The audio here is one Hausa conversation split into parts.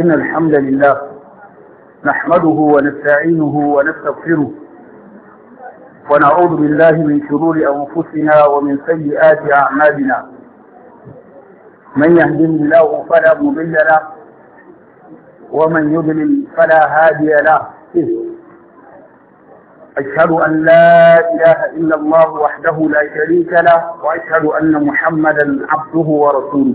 إن الحمد لله نحمده ونستعينه ونستغفره ونعوذ بالله من شرور أنفسنا ومن سيئات أعمالنا من يهدم الله فلا مضل له ومن يضلل فلا هادي له أشهد أن لا إله إلا الله وحده لا شريك له وأشهد أن محمدا عبده ورسوله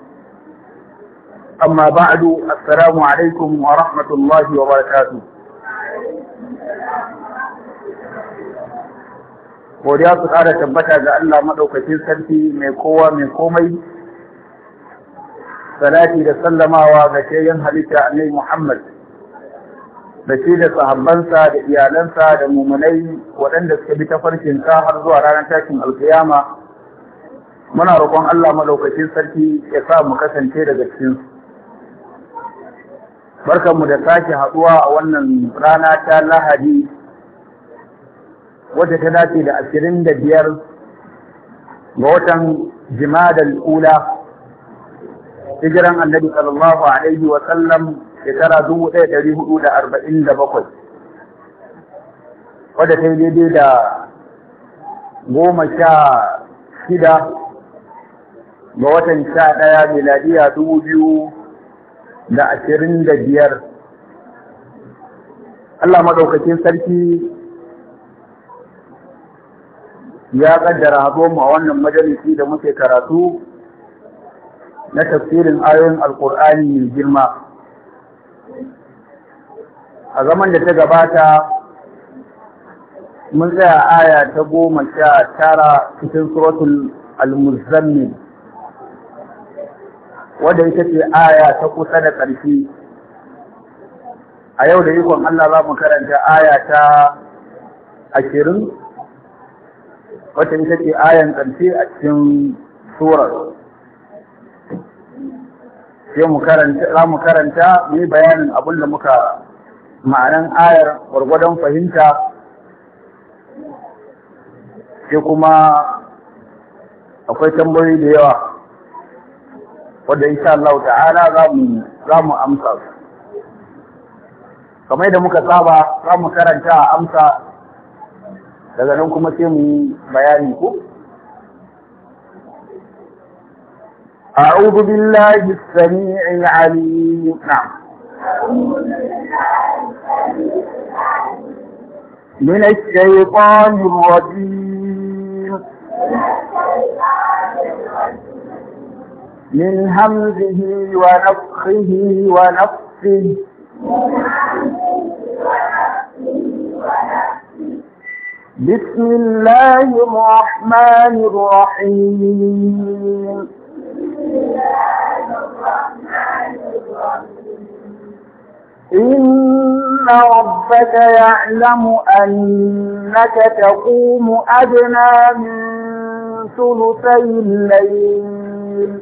أما بعد السلام عليكم ورحمة الله وبركاته godiya su ƙara tabbata ga Allah maɗaukacin sarki mai kowa mai komai salati da sallamawa ga shayen halitta annai Muhammad da shi da sahabbansa da iyalansa da mumunai waɗanda suka bi tafarkin ka har zuwa ranar tashin alkiyama muna roƙon Allah maɗaukacin sarki ya sa mu kasance daga cikinsu barkanmu da sake haɗuwa a wannan rana ta lahadi wadda ta dace da ashirin da biyar ga watan jimadal ula hijiran annabi sallallahu alaihi wa sallam shekara dubu ɗaya ɗari hudu da arba'in da bakwai wadda ta yi daidai da goma sha shida ga watan sha ɗaya miladiya dubu biyu da ashirin da biyar Allah maɗaukakin sarki ya ƙaddara mu a wannan majalisi da muke karatu na tafsirin ayoyin alƙur'ani mai girma a zaman da ta gabata mun tsaya aya ta goma sha tara cikin suratul al-muzammil wadda ita ce aya ta kusa da ƙarshe a yau da ikon Allah za mu karanta aya ta ashirin wata ita ce ayan ƙarfi a cikin surar sai mu karanta za mu karanta mai bayanin abin da muka ma'anan ayar gwargwadon fahimta sai kuma akwai tambayoyi da yawa wanda sha Allah ta'ala za mu za mu amsa su kamar da muka saba za mu karanta a amsa daga nan kuma sai mu yi bayani ko أعوذ بالله السميع العليم نعم من الشيطان الرجيم من همزه ونفخه ونفخه بسم الله الرحمن الرحيم إن ربك يعلم أنك تقوم أدنى من ثلثي الليل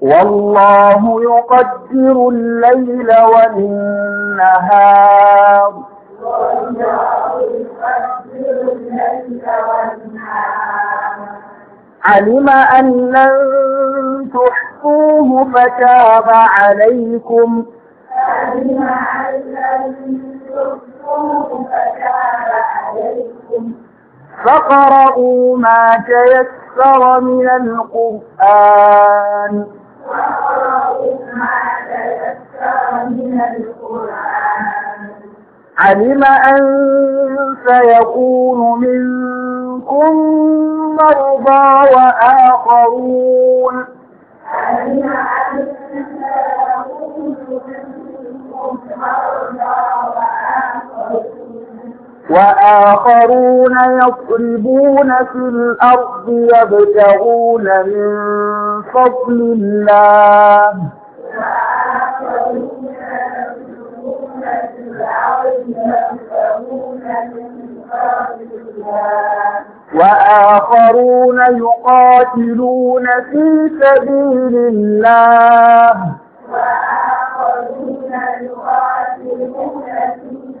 والله يقدر الليل والنهار علم أن لن تحصوه فتاب عليكم علم أن لن تحصوه فتاب عليكم فقرأوا ما تيسر من القرآن علم أن سيكون منكم مرضى وآخرون علم أن سيكون منكم مرضى وآخرون وآخرون يضربون في الأرض يبتغون من فضل الله وآخرون يقاتلون في سبيل الله وآخرون يقاتلون في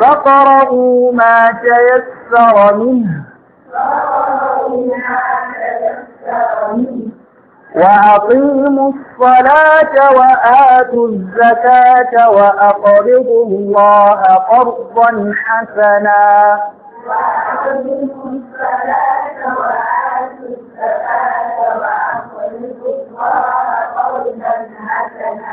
فقرأوا ما تيسر منه وأقيموا الصلاة وآتوا الزكاة وأقرضوا الله قرضا حسنا وأقيموا الصلاة وآتوا الزكاة وأقرضوا الله قرضا حسنا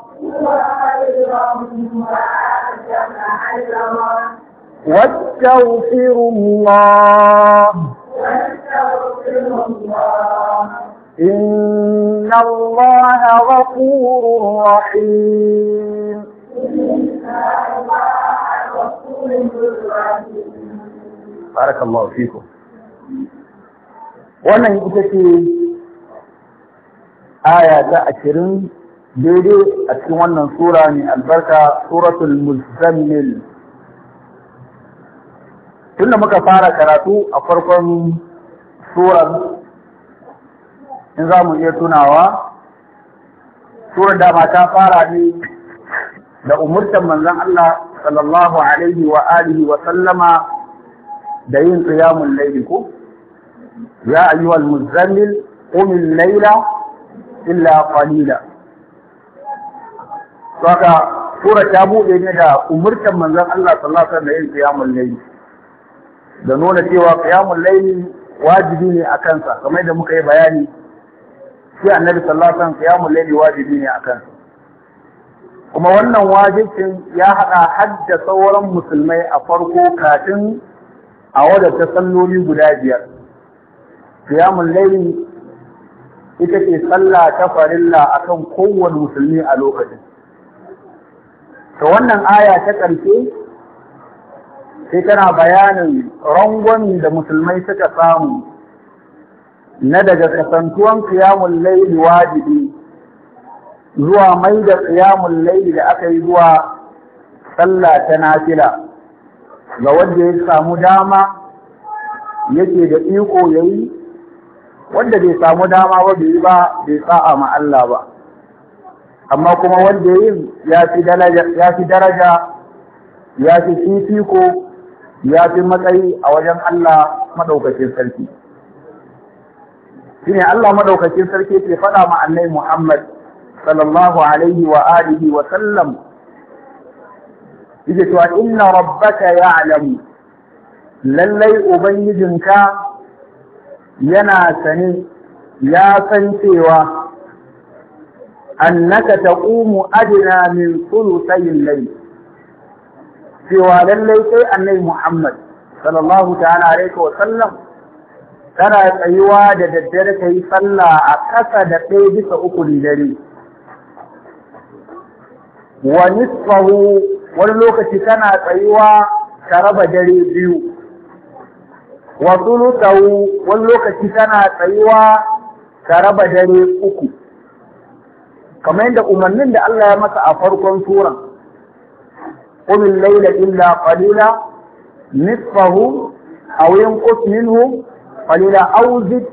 واستغفر الله إن الله غفور رحيم بارك الله فيكم وانا يقول لك aya ta daidai a cikin wannan sura ne albarka suratul muzammil tunda muka fara karatu a farkon surar in za mu iya tunawa surar dama ta fara ne da umurtan manzon Allah sallallahu alaihi wa alihi wa sallama da yin qiyamul layli ko ya ayyuhal muzammil qumil layla illa qalila Saka sura ta buɗe ne da umurtan manzon Allah sallallahu alaihi wasallam da yin qiyamul layl. Da nuna cewa qiyamul layl wajibi ne a kansa kamar da muka yi bayani shi annabi sallallahu alaihi wasallam qiyamul layl wajibi ne a kansa. Kuma wannan wajibcin ya haɗa hadda sauran musulmai a farko kafin a wadata salloli guda biyar. Qiyamul layl ita ce sallah ta farilla akan kowane musulmi a lokacin. To wannan aya ta ƙarshe sai tana bayanin rangon da musulmai suka samu na daga kasantuwan kiyamun laili wajibi zuwa mai da kiyamun laili da aka yi zuwa sallah ta nafila ga wanda ya samu dama yake da iko yayi wanda bai samu dama ba bai ba bai sa'a ma Allah ba amma kuma wanda yin ya fi daraja ya fi fifiko ya fi matsayi a wajen Allah maɗaukacin sarki shine Allah maɗaukacin sarki ke faɗa ma annai Muhammad sallallahu alaihi wa alihi wa sallam yake cewa inna rabbaka ya'lamu lallai ubangijinka yana sani ya san cewa annaka taqumu adna min thulutayil layl cewa lallai sai annabi Muhammad sallallahu ta'ala alaihi wa sallam kana tsayuwa da daddare kai sallah a kasa da ɗaya bisa uku dare wa nisfahu wani lokaci kana tsayuwa ka raba dare biyu wa thuluthahu wani lokaci kana tsayuwa ka raba dare uku kamar yadda umarnin da Allah ya masa a farkon suran qul layla illa qalila nisfahu aw yanqus minhu qalila aw zid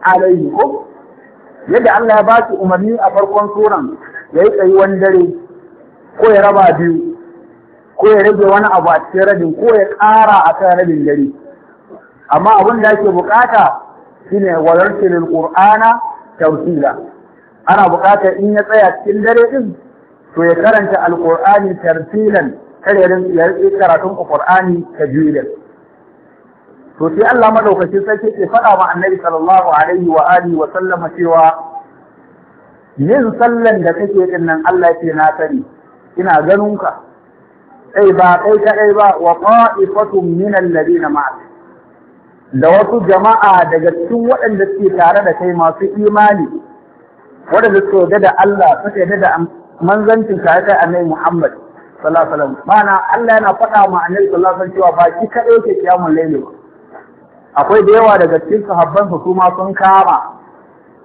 yadda Allah ya ba umarni a farkon suran ya yi tsayuwan dare ko ya raba biyu ko ya rage wani abu a cikin rabin ko ya ƙara a kan rabin dare amma abin da ake bukata shine walartilil qur'ana tawsila ana buƙatar in ya tsaya cikin dare din to ya karanta alqur'ani tartilan karerin ya rike karatun alqur'ani tajwidin to sai Allah madaukakin sarki ke faɗa wa annabi sallallahu alaihi wa alihi wa sallama cewa yin sallan da kake din nan Allah ce na sani ina ganunka. Sai kai ba kai kadai ba wa qa'ifatun min alladhina ma'ak da wasu jama'a daga cikin waɗanda suke tare da kai masu imani waɗanda suka yarda da Allah suka yarda da manzancin ka kai annabi Muhammad sallallahu alaihi wasallam mana Allah yana faɗa ma annabi sallallahu alaihi wasallam cewa ba shi kadai yake kiyamul laili ba akwai da yawa daga cikin sahabban su kuma sun kama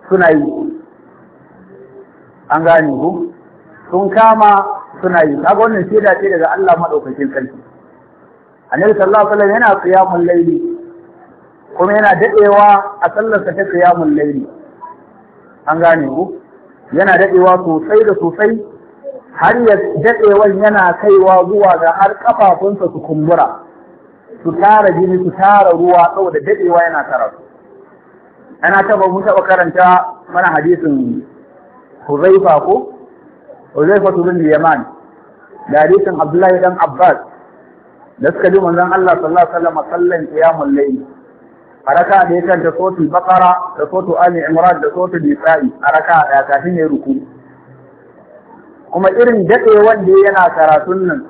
suna yi an gane ku sun kama suna yi kaga wannan da ce daga Allah madaukakin sarki annabi sallallahu alaihi wasallam yana qiyamul laili kuma yana dadewa a sallarsa ta qiyamul laili an gane ku yana dadewa sosai da sosai har ya dadewan yana kaiwa zuwa ga har kafafunsa su kumbura su tara jini su tara ruwa saboda dadewa yana tara su ana taba mun karanta mana hadisin Huzaifa ko Huzaifa bin Yaman da hadisin Abdullahi dan Abbas da suka ji manzon Allah sallallahu alaihi wasallam sallan a raka da ya da sotul bakara da sotul ali imran da sotul nisa'i a raka da ta shine ruku kuma irin daɗe wanda yana karatun nan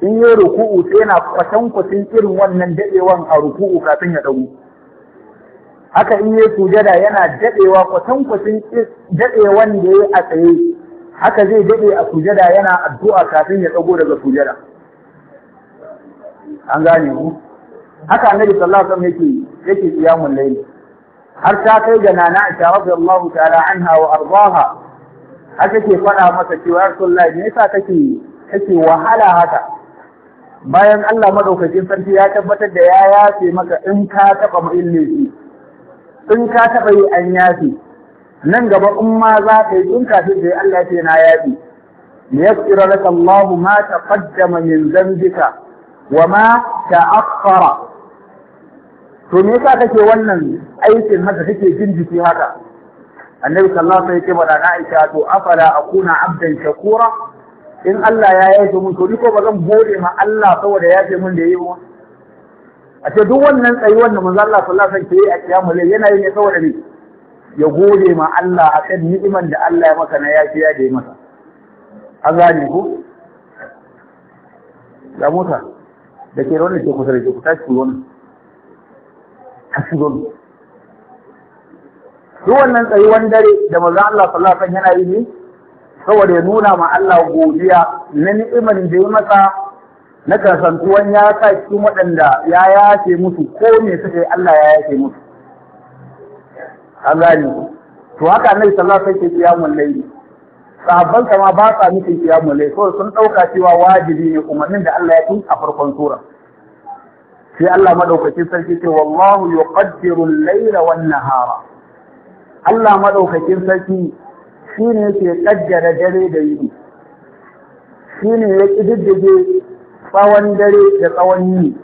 in yi ruku'u sai yana kwatan kwatin irin wannan dadewan a ruku'u kafin ya dago haka in yi sujada yana dadewa kwatan kwatin dadewan da ya a tsaye haka zai dade a sujada yana addu'a kafin ya dago daga sujada an gane mu haka annabi sallallahu alaihi wasallam yake yake qiyamul layl har ta kai ga nana Aisha radiyallahu ta'ala anha wa ardaha har take faɗa masa cewa ya Rasulullahi me yasa kake wahala haka bayan Allah madaukakin sarki ya tabbatar da ya yafe maka in ka taba mu'illisi in ka taba yi an yafe nan gaba in ma za ka yi tun kafin da Allah ya ce na yafe yaghfir lakallahu ma taqaddama min dhanbika wa ma ta'akhkhara to me yasa kake wannan aikin haka kake jin jiki haka annabi sallallahu alaihi wasallam ya ce na Aisha to afala akuna abdan shakura in Allah ya yafe mun to ni ko ba zan gode ma Allah saboda yafe mun da yayi a ce duk wannan tsayi da manzo Allah sallallahu alaihi wasallam a kiyamul layl yana yi ne saboda me ya gode ma Allah a kan ni'iman da Allah ya masa na yaki, ya da masa an gane ku da mutane da ke wannan ke kusa da ke kusa shi wani a shigon duk wannan tsayuwan dare da maza Allah sallallahu alaihi yana yi ne saboda ya nuna ma Allah godiya na ni'imar da ya masa na kasantuwan ya sa cikin waɗanda ya yace musu ko me suka yi Allah ya yace musu an gane to haka annabi sallallahu alaihi wasallam yake mun laifi. Sabon ma ba sa nufin qiyamul layl so sun dauka cewa wajibi ne umarnin da Allah ya tun a farkon sura sai Allah madaukakin sarki ce wallahu yuqaddiru al-layla wan-nahara Allah madaukakin sarki shine yake kaddara dare da yini shine ya kididdige tsawon dare da tsawon yini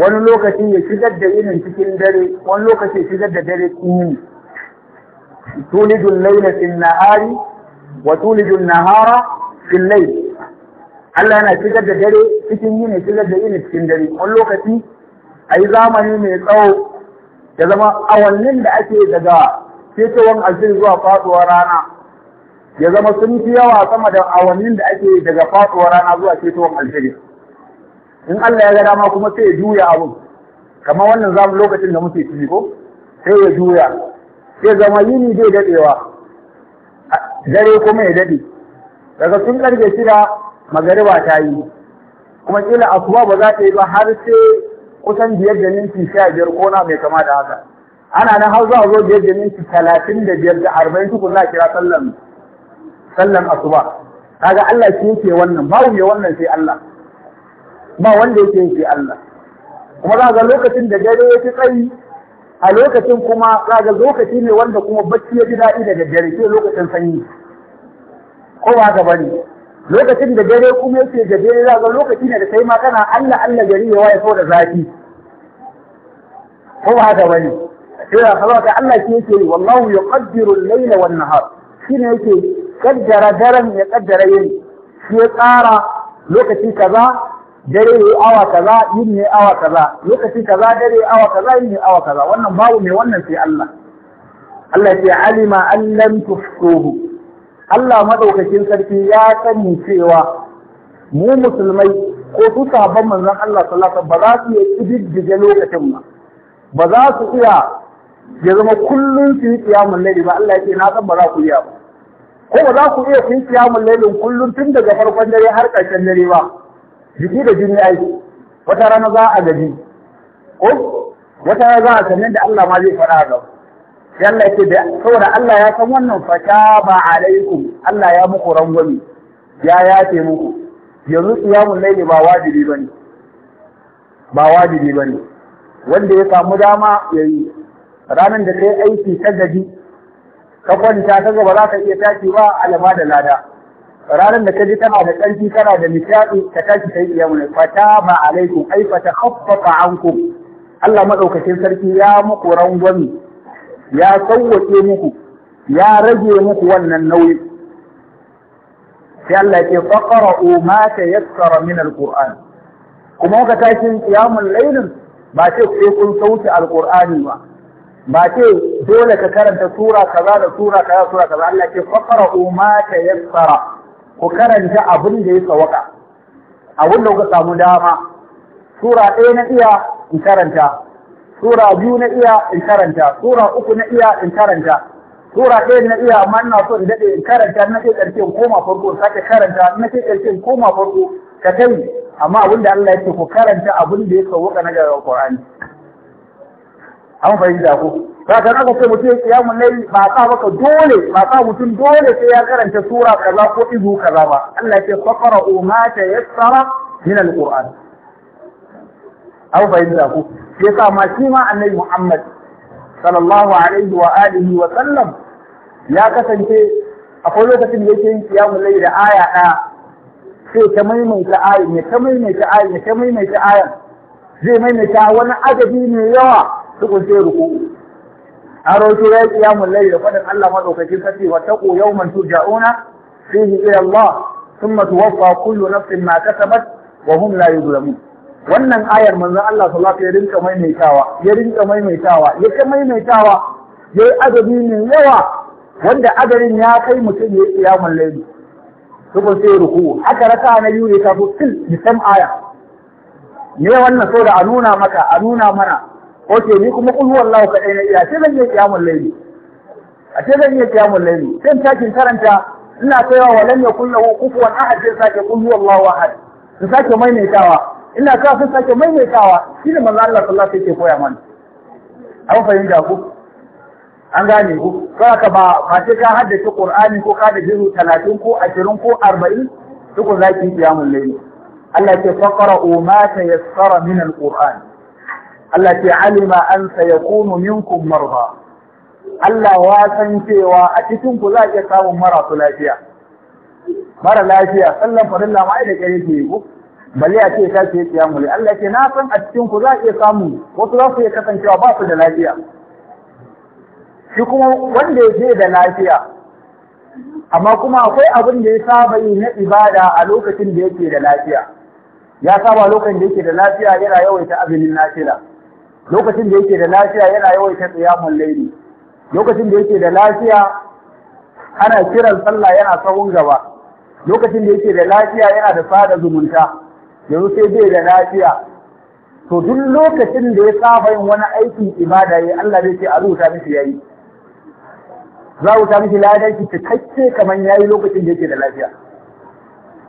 wani lokaci ya shigar da yinin cikin dare wani lokaci ya shigar da dare cikin yini tulidul layla fil nahari wa tulijun nahara fil layl Allah yana shigar da dare cikin yini shigar da yini cikin dare wani lokaci ayi zamani mai tsawo ya zama awannin da ake daga fitowar alfil zuwa faduwar rana ya zama sun fi yawa sama da awannin da ake daga faduwar rana zuwa fitowar alfil in Allah ya ga dama kuma sai ya juya abun kamar wannan zamu lokacin da muke ciki ko sai ya juya sai zama yini dai dadewa dare kuma ya dade daga tun karfe shida magariba ta yi kuma kila asuba ba za ta yi ba har sai kusan biyar da minti sha biyar ko na mai kama da haka ana nan har za a zo biyar da minti talatin da biyar da arba'in tukun za a kira sallan sallan asuba kaga Allah shi yake wannan babu mai wannan sai Allah ba wanda yake yake Allah kuma za ga lokacin da dare ya fi tsayi a lokacin kuma kaga lokaci ne wanda kuma bacci ya ji daɗi da daddare ke lokacin sanyi ko ba ga bari lokacin da dare kuma yake gajere za ga lokaci ne da kai ma kana Allah Allah gari ya waye da zafi ko ba ga bari sai ya Allah ka Allah ke yake wallahu yuqaddiru al-layla an nahar ne yake kaddara daren ya kaddara yayi shi ya tsara lokaci kaza dare ne awa kaza yin ne awa kaza lokaci kaza dare awa kaza yin ne awa kaza wannan babu mai wannan sai Allah Allah ya ce alima an lam tufsuhu Allah madaukakin sarki ya sani cewa mu musulmai ko su sahabban manzon Allah sallallahu alaihi ba za su iya kididdige lokacin ba ba za su iya ya zama kullun su yi qiyamul layli ba Allah ya ce na san ba za ku iya ba ko ba za ku iya yin qiyamul laylin kullun tun daga farkon dare har ƙarshen dare ba jiki da jini ai wata rana za a gaji ko wata rana za a sanin da Allah ma zai fara ga sai Allah yake da saboda Allah ya san wannan fata ba alaikum Allah ya muku rangwami ya yafe muku yanzu tsiyamun layli ba wajibi bane ba wajibi bane wanda ya samu dama yayi ranar da kai aiki ta gaji ka kwanta ta gaba za ka iya tashi ba alama da lada ranar da ka ji kana da ƙarfi kana da nishaɗi ka tashi kai iya mun fata ba alaikum ai fata khaffafa ankum Allah madaukakin sarki ya muku rangwami ya sauwake muku ya rage muku wannan nauyi sai Allah ya ce faqra'u ma tayassara min alquran kuma ka tashi iyamun layl ba ce sai kun sauke alqurani ba ba ce dole ka karanta sura kaza da sura kaza sura kaza Allah ya ce faqra'u ma tayassara ku karanta abin da ya sawaka a da kuka samu dama sura ɗaya na iya in karanta sura biyu na iya in karanta sura uku na iya in karanta sura ɗaya na iya amma ina so in daɗe in karanta na ke ƙarshe in koma farko sake karanta na ke ƙarshe in koma farko ka kai amma abin da Allah ya ce ku karanta abin da ya sawaka na ga Qur'ani an fahimta ko saka aka ce mutum ya mu laili ba sa baka dole ba sa mutum dole sai ya karanta sura kaza ko izu kaza ba Allah ya ce faqra'u ma tayassara min alquran an fahimta ko sai sa ma shi ma annabi Muhammad sallallahu alaihi wa alihi wa sallam ya kasance akwai lokacin da yake yin mu laili da aya ɗaya sai ta maimaita ayin ya ta maimaita ayin ya ta maimaita ayin zai maimaita wani adadi mai yawa Sukun sai ruku a roƙi ya yi yamun laili da faɗin Allah maɗaukacin sarki wa taƙo yawman sun fihi ila Allah ثم توفى na نفس wa كسبت وهم لا يظلمون wannan ayar manzon Allah sallallahu alaihi rinka maimaitawa ya rinka maimaitawa ya ta maimaitawa yi adabi mai yawa wanda adarin ya kai mutum ya yi kiyamul layli Sukun sai ruku haka raka na biyu ne kafin aya ne wannan so da a nuna maka a nuna mana oke ni kuma kul lauka ɗaya na iya ce zan iya kiyamun laili a ce zan iya kiyamul laili sai sakin karanta ina kaiwa wa lam yakul lahu kufuwan ahad sai sake kul huwallahu ahad Su sake maimaitawa ina ka sun sake maimaitawa shine manzo Allah sallallahu alaihi wasallam yake koya mana an fahimta ku an gane ku ka ba ba ka haddace Qur'ani ko ka da jiru 30 ko 20 ko 40 duk zaki kiyamun laili Allah ya ce faqra'u ma tayassara min al-Qur'an Allah ce alima an sayakunu minkum marha Allah ya san cewa a cikin ku za a iya samun marasu lafiya mara lafiya sallan farilla ma da kare ke ku balle a ce ka ce muli Allah ce na san a cikin ku za a iya samu wasu za su yi kasancewa ba su da lafiya shi kuma wanda ya je da lafiya amma kuma akwai abin da ya saba yi na ibada a lokacin da yake da lafiya ya saba lokacin da yake da lafiya yana yawaita azumin nafila lokacin da yake da lafiya yana yawaita qiyamul layli lokacin da yake da lafiya ana kiran sallah yana sahun gaba lokacin da yake da lafiya yana da sada zumunta yanzu sai bai da lafiya to duk lokacin da ya saba yin wani aikin ibada yayi Allah zai ce a rubuta mishi yayi za a rubuta mishi ladan shi cikakke kamar yayi lokacin da yake da lafiya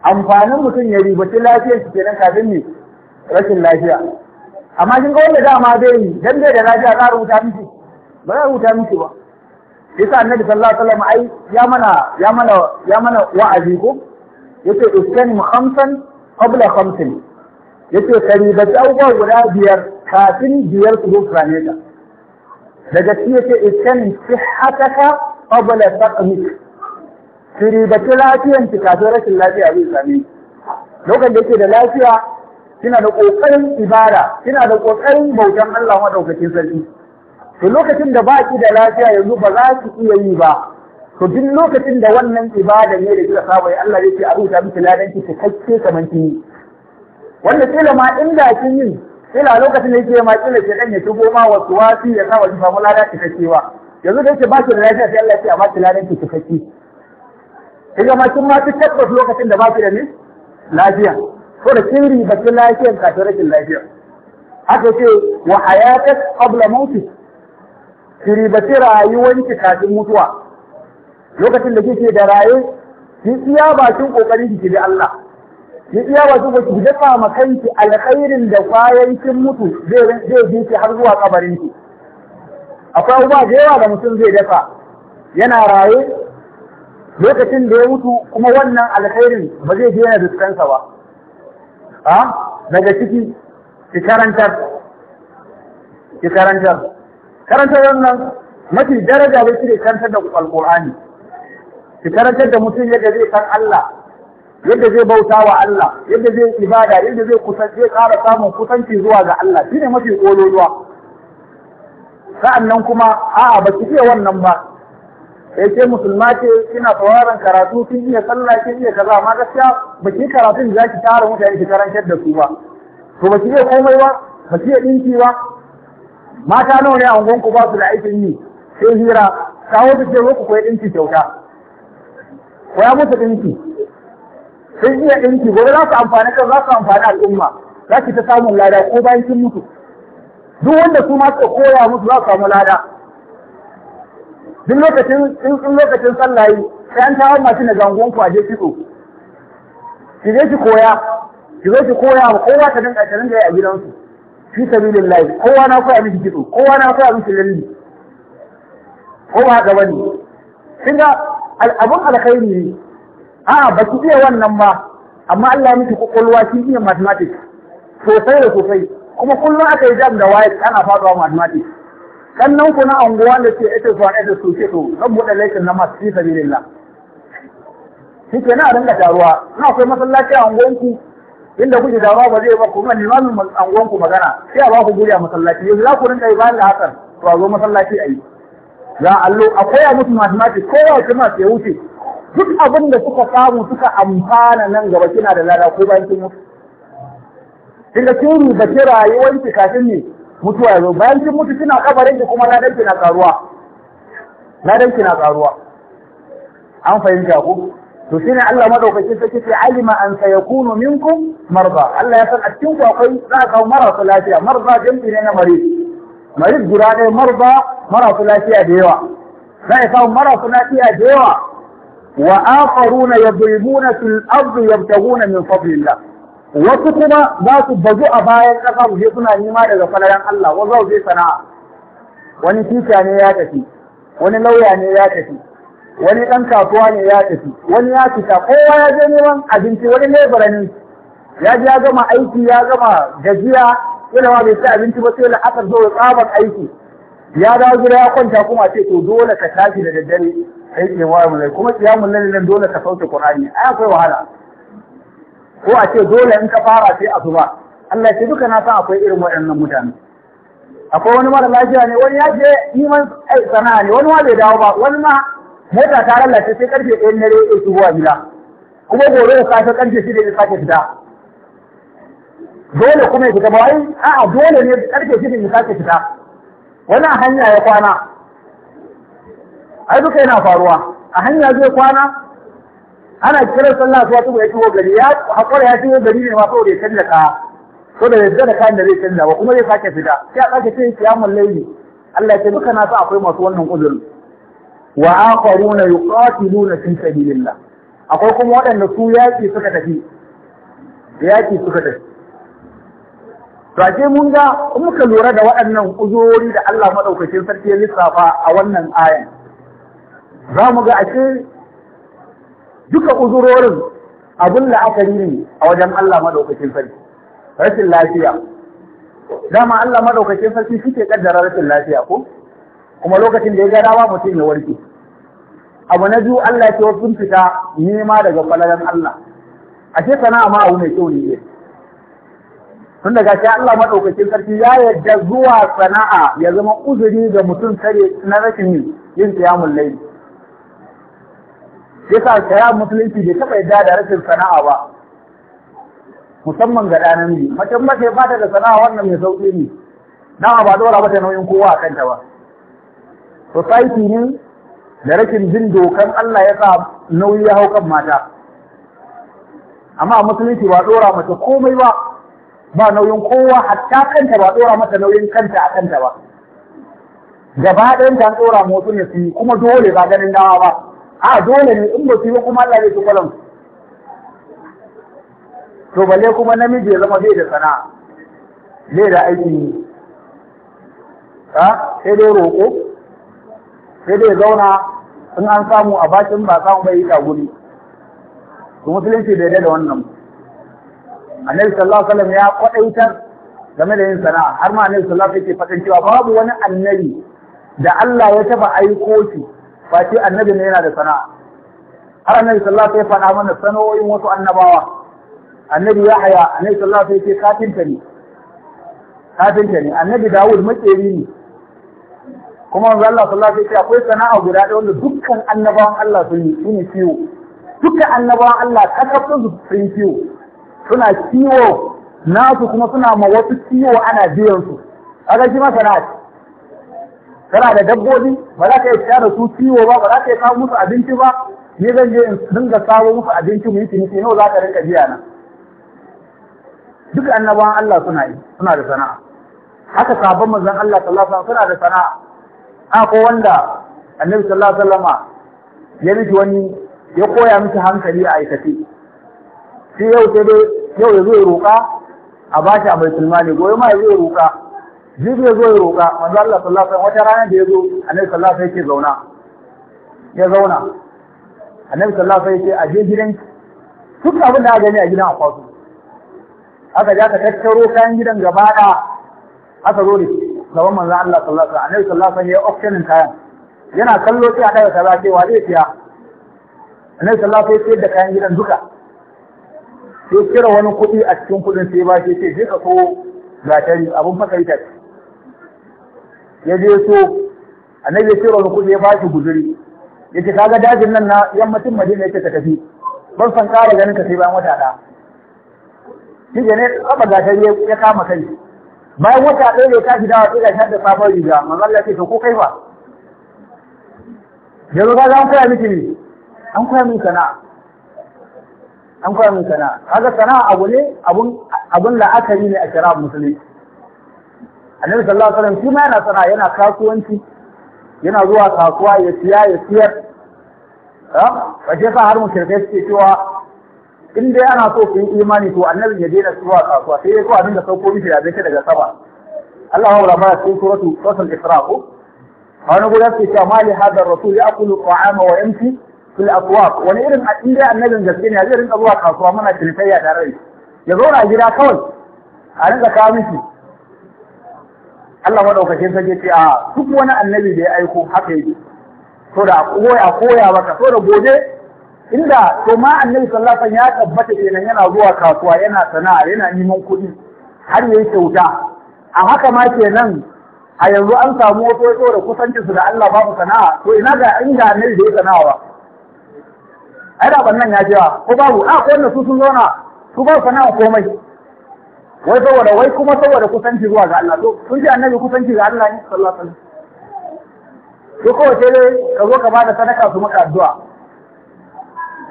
amfanin mutum ya ribaci lafiyar shi kenan kafin ne rashin lafiya amma kin ga wanda dama zai yi dan bai da lafiya za rubuta miki ba za rubuta miki ba yasa annabi sallallahu alaihi wasallam ai ya mana ya mana ya mana wa'azi ko yace istani khamsan qabla khamsin yace kari ba ta guda biyar kafin biyar su zo fane ka daga shi yace haka sihhataka qabla taqmik kiri ba ta lafiyan ki kafin rashin lafiya zai sami lokacin da yake da lafiya kina da ƙoƙarin ibada kina da ƙoƙarin bautan Allah madaukakin sarki to lokacin da baki da lafiya yanzu ba za ki iya yi ba to duk lokacin da wannan ibada ne da kika saba Allah ya ce a rubuta miki ladan ki cikakke kamar kin yi wanda kila ma inda kin yi kila lokacin da yake ma kila ke dan ya shigo ma wasu wasi ya sa ki samu ladan cikakke ba yanzu da yake ba ki da lafiya sai Allah ya ce a ba ki ladan ki cikakke kaga ma kin ma ki tabbata lokacin da ba ki da ne lafiya ko da kin ribaci lafiyar kafin rashin lafiyar haka ce wa hayatak qabla mautik ki ribaci rayuwanki kafin mutuwa lokacin da kike da raye ki iya bakin kokarin ki bi Allah ki iya bakin kokarin dafa ma kanki alkhairin da bayan kin mutu zai zai bi ki har zuwa kabarin ki akwai uba da yawa da mutum zai dafa yana raye lokacin da ya mutu kuma wannan alkhairin ba zai je yana ba ha daga ciki ki karantar ki karantar karantar wannan mafi daraja da kire karantar da alqur'ani ki karantar da mutum yadda zai san Allah yadda zai bauta wa Allah yadda zai ibada yadda zai kusanci zai ƙara samun kusanci zuwa ga Allah shine mafi kololuwa sa'annan kuma a'a ba ki ce wannan ba ya eh, ce musulma ce ina sauraron karatu sun iya sallah kin iya kaza amma gaskiya ba ki karatun za ki tara mutane ki karantar da su ba to ba ki iya komai ba ba ki iya dinki ba mata nawa ne a unguwanku ba su da aikin yi sai hira ka wata ce ku koyi dinki kyauta koya musu dinki sun iya dinki gobe za su amfani kan za su amfani al'umma za ki ta samun lada ko bayan kin mutu duk wanda su ma suka koya musu za su samu lada duk lokacin in lokacin sallah yi sai an tawo masu na gangon ku a je kitso ki je ki koya ki zo ki koya ma kowa ta dinga tarin da yi a gidansu fi sabilillah kowa na koya miki kitso kowa na koya miki lalle ko ba ga bane kinga abun alkhairi ne a ba ki iya wannan ba amma Allah ya miki kokolwa ki iya mathematics sosai da sosai kuma kullum aka yi jam da waye ana faduwa mathematics sannan ku na anguwa da ke ita zuwa ita su ce to zan buɗe laifin na masu fi lilla. shi ke na ringa taruwa na akwai masallaci a anguwanku inda kuke taruwa ba zai ba ku man limamin anguwanku magana sai a ba ku guri a masallaci yanzu za ku ringa yi bayan da hakan to a zo masallaci a yi za a allo akwai a musu mathematics kowa ya masu ya wuce duk abin da suka samu suka amfana nan gaba kina da lada ko bayan kin mutu. Kinga kin rubuce rayuwarki kafin ne mutuwa ya zo bayan kin mutu kina kabarin ki kuma ladan ki na karuwa ladan ki na karuwa an fahimta ku to shine Allah madaukaki sai ce alima an sayakunu minkum marda Allah ya san a cikin ku akwai za ka marasa lafiya marda jambi ne na mari mari guda ne marda marasa lafiya da yawa za ya samu marasa lafiya da yawa wa akharuna yadribuna fil ardi yabtaguna min fadlillah wasu kuma za su bazu a bayan ƙasa mu je suna nima daga falalan Allah wasu za je sana'a wani tisha ne ya tafi wani lauya ne ya tafi wani ɗan kasuwa ne ya tafi wani ya fita kowa ya je neman abinci wani lebura ne ya ji ya gama aiki ya gama gajiya yana ma bai ci abinci ba sai la'asar zo da tsaban aiki ya dawo gida ya kwanta kuma ce to dole ka tashi da daddare aiki wa mulai kuma kiyamun nan dole ka sauke Qur'ani ai akwai wahala ko a ce dole in ka fara sai asuba Allah ya duka na san akwai irin waɗannan mutane akwai wani mara lafiya ne wani ya je neman eh, sana'a ne wani ma bai dawo ba wani ma mota ta lalace sai karfe ɗaya na dare ya shigo a gida kuma gobe ya sake karfe shida ya sake fita dole kuma ya fita ba wai a'a dole ne karfe shida ya sake fita wani hanya ya kwana ai duka yana faruwa a hanya zai kwana ana kiran sallah sai tubu yake wa gari ya hakura ya shigo gari ne ma saboda ya canza ka so da yadda da kan da zai canza ba kuma zai sake fita sai aka sake cin kiyamun laili Allah ya ce duka na sa akwai masu wannan uzurin wa akharuna yuqatiluna fi sabilillah akwai kuma waɗanda su yaƙi suka tafi yaƙi suka tafi to ce mun ga muka lura da waɗannan uzuri da Allah madaukakin sarki ya lissafa a wannan ayan za mu ga ce duka uzurorin abin la'akari ne a wajen Allah maɗaukacin sarki rashin lafiya dama Allah maɗaukacin sarki shi ke kaddara rashin lafiya ko kuma lokacin da ya ga ba mutum ya warke abu na biyu Allah ke wasu fita nema daga falalan Allah ce sana'a ma abu mai kyau ne tun daga shi Allah maɗaukacin sarki ya yarda zuwa sana'a ya zama uzuri ga mutum sare na rashin yin qiyamul laifi. yasa shari'ar musulunci bai taɓa yadda da rashin sana'a ba musamman ga ɗanan namiji macen mace ba ta da sana'a wannan mai sauƙi ne na ba dora mata nauyin kowa a kanta ba society ne da rashin jin dokan Allah ya sa nauyi ya hau kan mata amma musulunci ba dora mace komai ba ba nauyin kowa hatta kanta ba dora mata nauyin kanta a kanta ba gaba ɗayan ta dora mutum ne su kuma dole ba ganin dawa ba a dole ne in ba su yi kuma Allah zai ci kwalan to balle kuma namiji ya zama bai da sana'a bai da aiki ne ha sai dai roƙo sai dai zauna in an samu a bakin ba samu bai yi guri to musulunci bai da wannan annabi sallallahu alaihi wasallam ya kwadaitar game da yin sana'a har ma annabi sallallahu alaihi wasallam yake fatan cewa babu wani annabi da Allah ya taba aiko shi ba ce annabi ne yana da sana'a har annabi sallallahu alaihi wasallam ya faɗa mana sana'o'in wasu annabawa annabi haya annabi sallallahu alaihi wasallam ya ce kafinta ne kafinta ne annabi Dawud makeri ne kuma manzo Allah sallallahu alaihi wasallam akwai sana'a guda ɗaya wanda dukkan annabawan Allah sun yi shine kiwo dukkan annabawan Allah kasafin su sun kiwo suna kiwo nasu kuma suna ma wasu kiwo ana biyan su kaga shi ma sana'a kana da dabbobi ba za ka iya ciyar da su ciwo ba ba za ka iya kawo musu abinci ba ni zan je in dinga kawo musu abinci mu yi ciniki nawa za ka rinka biya na duk annabawan Allah suna yi suna da sana'a haka sabon manzon Allah sallallahu alaihi suna da sana'a a ko wanda annabi sallallahu alaihi wasallama ya miki wani ya koya miki hankali a aikace sai yau sai dai yau ya zo ya roƙa a bashi a baitul mali goyi ma ya zo ya roƙa jibi ya zo ya roƙa manzo Allah sallallahu alaihi wata rana da ya zo annabi sallallahu alaihi yake zauna ya zauna annabi sallallahu alaihi yake a je gidan duk abin da aka gani a gidan akwasu aka ja ka tattaro kayan gidan gaba da aka zo da gaban manzo Allah sallallahu alaihi annabi sallallahu alaihi ya auctionin kayan yana kallo sai aka kaza wa zai fiya annabi sallallahu alaihi sai da kayan gidan duka sai kira wani kuɗi a cikin kuɗin sai ba shi sai je ka so gatari abun fakari ce ya je so annabi ya ce wani kuɗi ya bashi guzuri ya ce kaga dajin nan na yammacin madina ya ta tafi ban san ƙara ganin ka sai bayan wata ɗaya shi ne ga gashari ya kama kai bayan wata ɗaya da ya tashi dawa sai gashar da safar riga manzon ya ce ko kai ba yanzu ka an koya miki ne an kwaya min sana'a an kwaya min sana'a kaga sana'a abu ne abun la'akari ne a shari'ar musulunci annabi sallallahu alaihi wasallam shi ma yana sana'a yana kasuwanci yana zuwa kasuwa ya siya ya siyar ba shi sa har mushrikai suke cewa in dai ana so ku yi imani to annabi ya daina zuwa kasuwa sai ya zo abin da sauko mishi da abinci daga sama Allah ya rabba cikin suratu fasal isra ko wani gudan ce cewa mali hadar rasul ya akulu ta'ama wa yamshi fil aswaq wani irin in dai annabin gaske ne zai rinka zuwa kasuwa muna cinikayya tare da ya zauna gida kawai a rinka kawo mishi Allah maɗaukakin sarki ce a ah, duk wani annabi da ya aiko haka yake to da a koya maka to da gobe inda to ma annabi sallallahu alaihi ya tabbata kenan yana zuwa kasuwa yana sana'a yana neman kuɗi har yayi kyauta a haka ma kenan a yanzu an samu wato da kusancinsu da Allah babu sana'a to ina ga inda annabi da ya sana'a ba ai da nan ya ce ko babu a ko wanda su sun zauna su ba sana'a komai wai saboda wai kuma saboda kusanci zuwa ga Allah to sun ji annabi kusanci ga Allah ne sallallahu alaihi wasallam to kawai sai dai ka zo ka bada sadaka su maka addu'a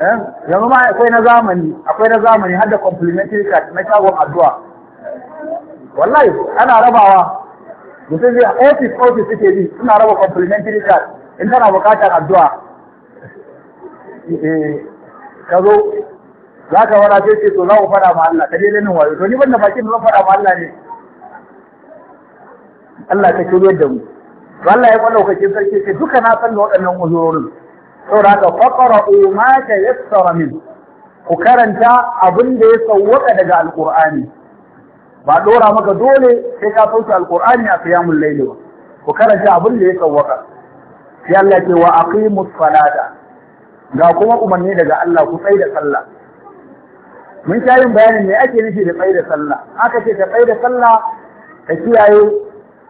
eh yanzu ma akwai na zamani akwai na zamani har da complimentary card na shagon addu'a wallahi ana rabawa mutum zai office office suke bi suna raba complimentary card in tana buƙatar addu'a eh, ka zo za ka wara sai ce to za ku faɗa ma Allah ka daidai nan wayo to ni ban da bakin zan faɗa ma Allah ne Allah ka shirya da mu to Allah ya kwallo kake sarki ce duka na san da waɗannan uzurorin saboda haka faqra'u ma yassara min ku karanta abin da ya sauwaka daga alqur'ani ba dora maka dole sai ka sauke alqur'ani a qiyamul layli ba ku karanta abin da ya sauwaka sai Allah ce wa aqimus salata ga kuma umarni daga Allah ku tsaya da sallah mun sha yin bayanin me ake nufi da tsaye da sallah aka ce ta tsaye da sallah ka kiyaye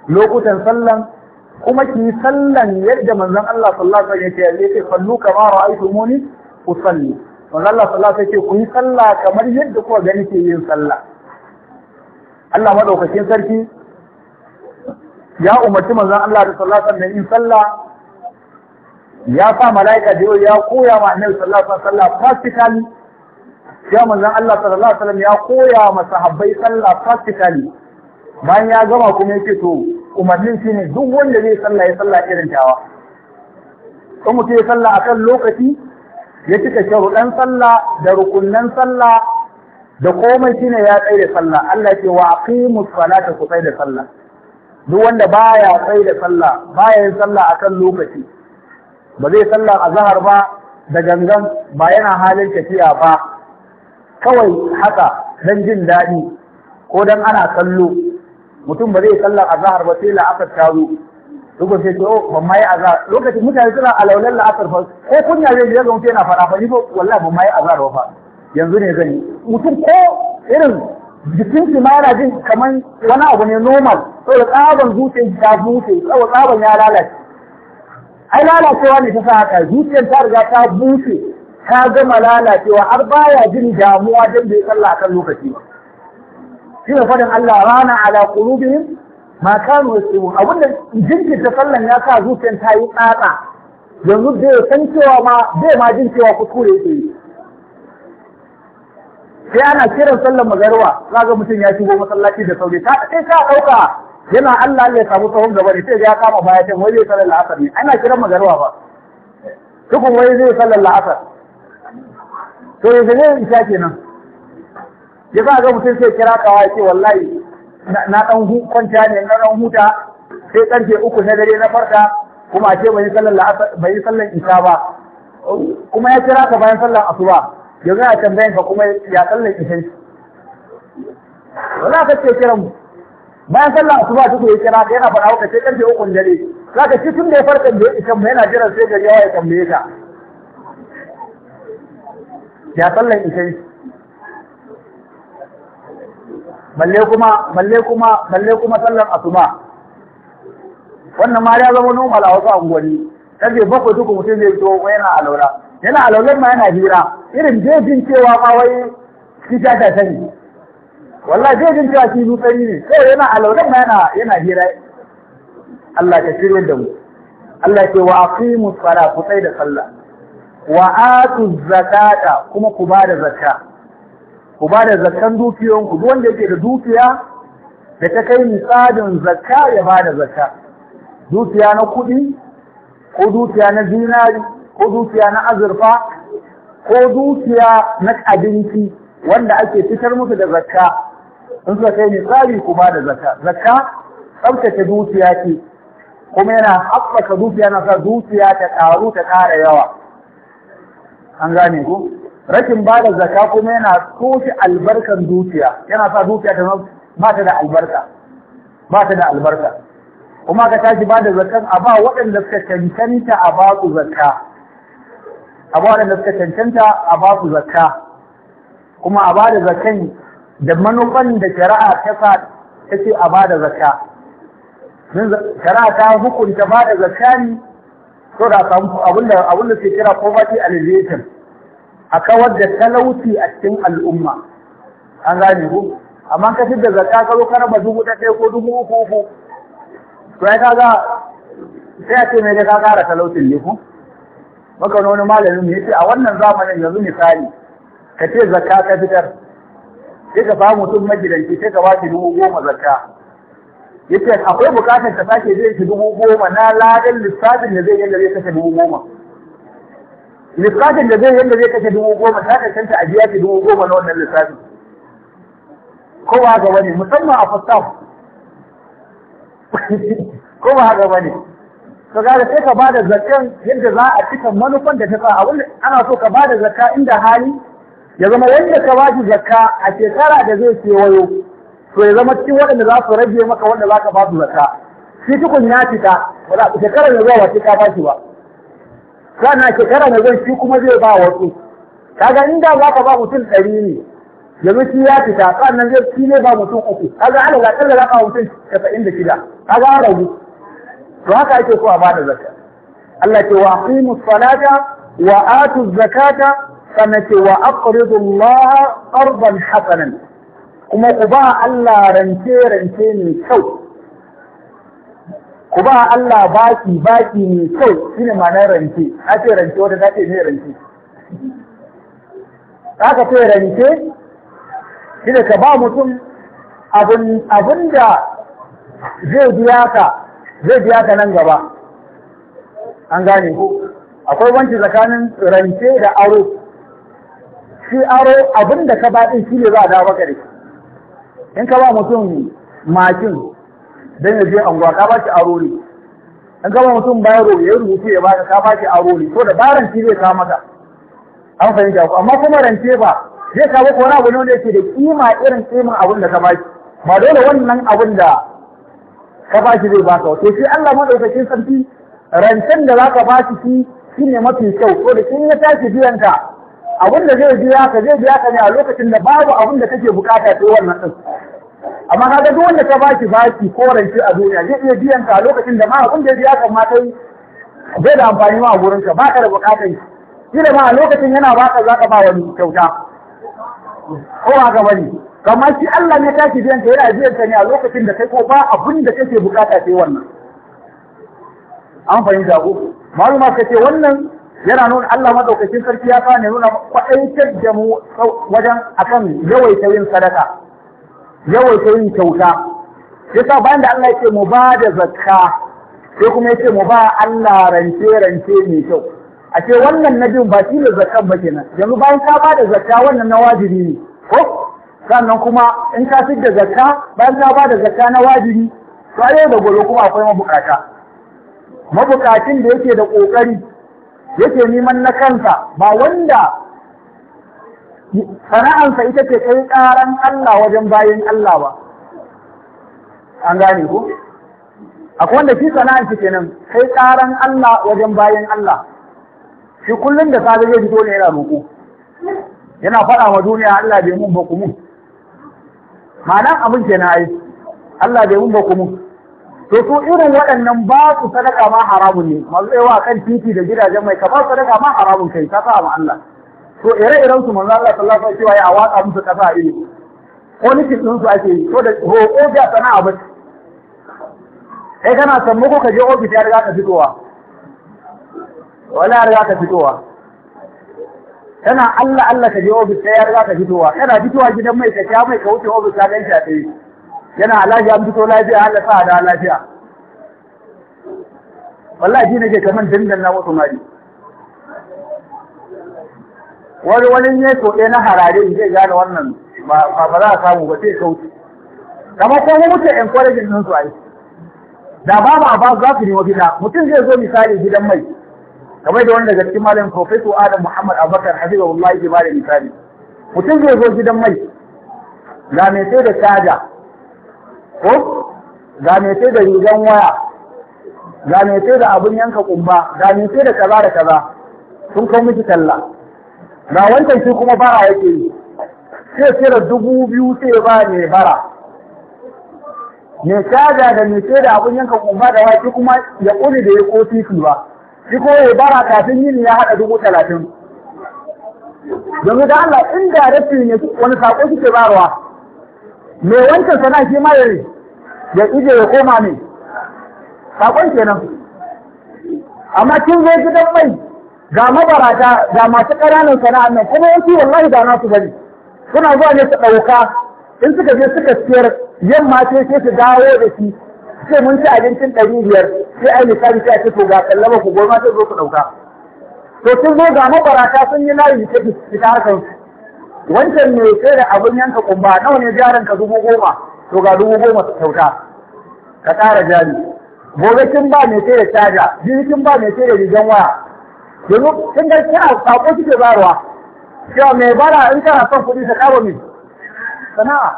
lokutan sallan kuma ki yi sallan yadda manzon Allah sallallahu alaihi wasallam ya ce sallu kama ra'aytumuni usalli manzon Allah sallallahu alaihi wasallam ya ce ku yi sallah kamar yadda kuka gani ke yin sallah Allah madaukakin sarki ya umarci manzon Allah da sallallahu alaihi wasallam yin sallah ya sa mala'ika da ya koya ma annabi sallallahu alaihi wasallam practically sai manzon Allah sallallahu alaihi wasallam ya koya ma sahabbai sallah practically bayan ya gama kuma yake to umarnin shine duk wanda zai sallah ya sallah irin tawa in mutum ya sallah akan lokaci ya cika sharuɗan sallah da rukunnan sallah da komai shine ya tsaye da sallah Allah ce wa aqimus salata ku tsaye da sallah duk wanda baya tsaye da sallah baya yin sallah akan lokaci ba zai sallah azhar ba da gangan ba yana halin tafiya ba kawai haka don jin daɗi ko don ana kallo mutum ba zai a azahar ba sai la'asar ta zo duk sai ce oh ban a azahar lokacin mutane suna alaulan la'asar fa ko kunya zai ga mutum yana fara fa ni ko wallahi ban a azahar ba fa yanzu ne zan yi mutum ko irin jikin shi ma yana jin kamar wani abu ne normal saboda tsaban zuciyar ta buce saboda tsaban ya lalace ai lalacewa ne ta sa haka zuciyar ta riga ta buce ta gama lalacewa har baya jin damuwa don bai sallah kan lokaci ba shi ne fadin Allah rana ala qulubihim ma kanu yasbun abinda jinkirta sallan ya sa zuciyar ta yi tsatsa yanzu bai san cewa ma bai ma jin cewa kuskure yake yi sai ana kiran sallan magarwa ga mutum ya shigo masallaci da sauri ta sai ka ɗauka yana Allah Allah ya samu tsawon gaba ne sai ya kama baya can wai zai sallar la'asar ne ana kiran magarwa ba tukun wai zai sallar la'asar to yanzu ne isa kenan ya za a ga mutum sai kira kawa ya ce wallahi na dan kwanta ne na dan huta sai karfe uku na dare na farka kuma a ce bai yi sallan isa ba kuma ya kira ka bayan sallan asuba yanzu ya tambayan ka kuma ya sallan isa. ba za ka ce kiran mu bayan sallan asuba duk ya kira ka yana faɗa ka sai karfe uku dare za ka ci tun da ya farka da ya mai yana jiran sai gari ya tambaye ka ya sallan yi balle kuma balle kuma balle kuma sallan asuma wannan ma ya zama normal a wasu unguwanni kaje bakwai duka mutum zai to yana alaura yana alaurar ma yana hira irin jejin cewa ma wai shi ta ta sani wallahi jejin cewa shi nutsari ne sai yana alaurar ma yana yana hira Allah ya shirye da mu Allah ya ce wa aqimu sala ku tsai da sallah wa atu zakata kuma ku ba da zakka ku ba da zakkan dukiyoyinku duk wanda yake da dukiya da ta kai misalin zakka ya ba da zakka dukiya na kudi ko dukiya na zinari ko dukiya na azurfa ko dukiya na abinci wanda ake fitar musu da zakka in suka kai misali ku ba da zakka zakka tsabtace dukiya ce kuma yana haɓaka dukiya na sa dukiya ta ƙaru ta ƙara yawa an gane ku rashin ba da zaka kuma yana toshe albarkan dukiya yana sa dukiya ta ba ta da albarka ba ta da albarka kuma ka tashi ba da zakan a ba waɗanda suka cancanta a ba su zakka a ba waɗanda suka cancanta a ba su zakka kuma a ba da zakan da manufan da shari'a ta sa ta ce a ba da zakka shari'a ta hukunta ba da zakka ne so da samu abinda abinda ke kira poverty alleviation a kawar da talauci a cikin al'umma an gane ku amma ka da zakka karo zo ba dubu ɗaya ko dubu uku uku to ai kaga sai a ce me ka kara talaucin ne ku maka wani malamin mu yace a wannan zamanin yanzu misali ka ce zakka ka fitar sai ka ba mutum magidanci sai ka ba shi dubu goma zakka yake akwai bukatar ta sake zai ta dubu goma na ladan lissafin da zai yadda zai kashe dubu goma lissafin da zai yadda zai kashe dubu goma ta kasance a biya ta dubu goma na wannan lissafin ko ba ga wani musamman a fasaf ko ba ga wani to ga sai ka bada zakkan yadda za a cika manufan da ta sa abin ana so ka bada zakka inda hali ya zama yadda ka bashi zakka a shekara da zai wayo. to ya zama cikin waɗanda za su rage maka wanda za ka ba su zakka shi tukun ya fita ba za shekarar da zuwa wace ka ba shi ba sannan shekarar da zuwa shi kuma zai ba wasu kaga inda za ka ba mutum ɗari ne yanzu shi ya fita sannan zai shi ne ba mutum uku kaga ana ga ƙalla za ka mutum casa'in da shida kaga an rabu to haka ake so a ba da zakka Allah ce wa aqimu salata wa atu zakata sannan ce wa aqridu Allah qardan hasanan kuma ku ba Allah rance-rance mai kyau ku ba Allah baki baki mai kyau shine ma'anar rance a ce rance wanda za ce ne rance za ka ce rance shi ka ba mutum abin da zai biya ka zai biya ka nan gaba an gane ku akwai wanci tsakanin rance da aro shi aro abin da ka baɗin shi ne za a dawo maka da shi in ka ba mutum makin don ya je anguwa ka ba shi a roli in ka ba mutum bayaro ya rubutu ya baka ka ba shi a roli to da ba shi zai ka maka an fahimta ku amma kuma rance ba zai kawo ko wani abu ne wanda yake da kima irin kiman abin da ka ba shi ba dole wannan abin da ka ba shi zai baka to shi Allah madaukakin sarki rancen da zaka ba shi shi ne mafi kyau ko da ta ya tashi ka abin da zai biya ka zai biya ka ne a lokacin da babu abin da kake bukata sai wannan din amma kaga duk wanda ka baki baki ko rance a duniya zai iya biyan ka a lokacin da ma abin da biya ka ma kai zai da amfani ma a gurin ka baka da bukatan shi shi da ma a lokacin yana baka zaka ba wani kyauta ko haka bane kamar shi Allah ne tashi biyan ka yana biyan ka ne a lokacin da kai ko ba abin da kake bukata sai wannan an fahimta ko ka kace wannan yana nuna Allah madaukakin sarki ya fara nuna kwaɗaitar da mu wajen akan yawaita yin sadaka yawaita yin kyauta yasa bayan da Allah yake mu ba da zakka sai kuma yake mu ba Allah rance rance mai kyau a ce wannan na ba shi da zakkan ba kenan yanzu bayan ka ba da zakka wannan na wajibi ne ko sannan kuma in ka fi da zakka bayan ka ba da zakka na wajibi to ai da gobe kuma akwai mabukata mabukatin da yake da ƙoƙari. yake neman na kansa ba wanda sana'ansa ita ce kai karan Allah wajen bayan Allah ba an gane ku akwai wanda shi sana'an shi kenan kai karan Allah wajen bayan Allah shi kullum da safe zai fito ne yana roƙo yana faɗa wa duniya Allah bai mun ba ku mun ma'anan abin kenan ai Allah bai mun ba ku mun to su irin waɗannan ba su sadaka ma haramun ne masu tsayawa kan titi da gidajen mai ka ba su sadaka ma haramun kai ka sa Allah to ire-iren su manzo Allah sallallahu alaihi wasallam ya watsa musu kasa iri ko nikin din su ake to da roƙo ga sana'a ba kai kana muku ka je ofis ya riga ka fitowa wala riga ka fitowa kana Allah Allah ka je ofis ya riga ka fitowa kana fitowa gidan mai ka sha mai ka wuce ofis ka a tsaye yana lafiya fito lafiya Allah sa da lafiya wallahi shi ke kaman dindin na wasu mari wani wani ne so ɗaya na harare zai gane wannan ba ba za a samu ba sai kauce kamar ko mu mutu encouraging din su ai da ba ba ba za su nemi fita mutum zai zo misali gidan mai kamar da wanda daga cikin malamin professor Adam Muhammad Abubakar Hafizahullah yake ba da misali mutum zai zo gidan mai ga mai sai da caja ko ga me sai da rigan waya ga me sai da abun yanka kumba ga me sai da kaza da kaza sun kai miki talla ga wancan shi kuma bara yake yi sai da dubu biyu sai ba ne bara mai caja da mai sai da abun yanka kumba da waki kuma ya ƙuri da ya ko titi ba shi ko ya bara kafin yin ya haɗa dubu talatin yanzu da Allah inda rafi ne wani saƙo suke barwa mai wancan sana shi ma ya ya ije ya koma ne sakon kenan amma kin zo gidan mai ga mabarata ga masu ƙananan sana'a nan kuma yanki wallahi da nasu bari suna zuwa ne su ɗauka in suka je suka siyar yamma mace sai su dawo da shi sai mun ci abincin ɗari biyar sai ai misali sai a ce to ga kallaba ku goma sai zo ku ɗauka to sun zo ga mabarata sun yi layi ta fita hakan wancan ne sai da abin yanka kumba nawa ne jaran ka dubu goma to ga dubu goma kyauta ka ƙara jari gobe kin ba mai sai da caja jini kin ba mai sai da rigan waya domin kin ga kina sako kike bayarwa cewa mai bara in kana son kuɗi ka ƙawo min sana'a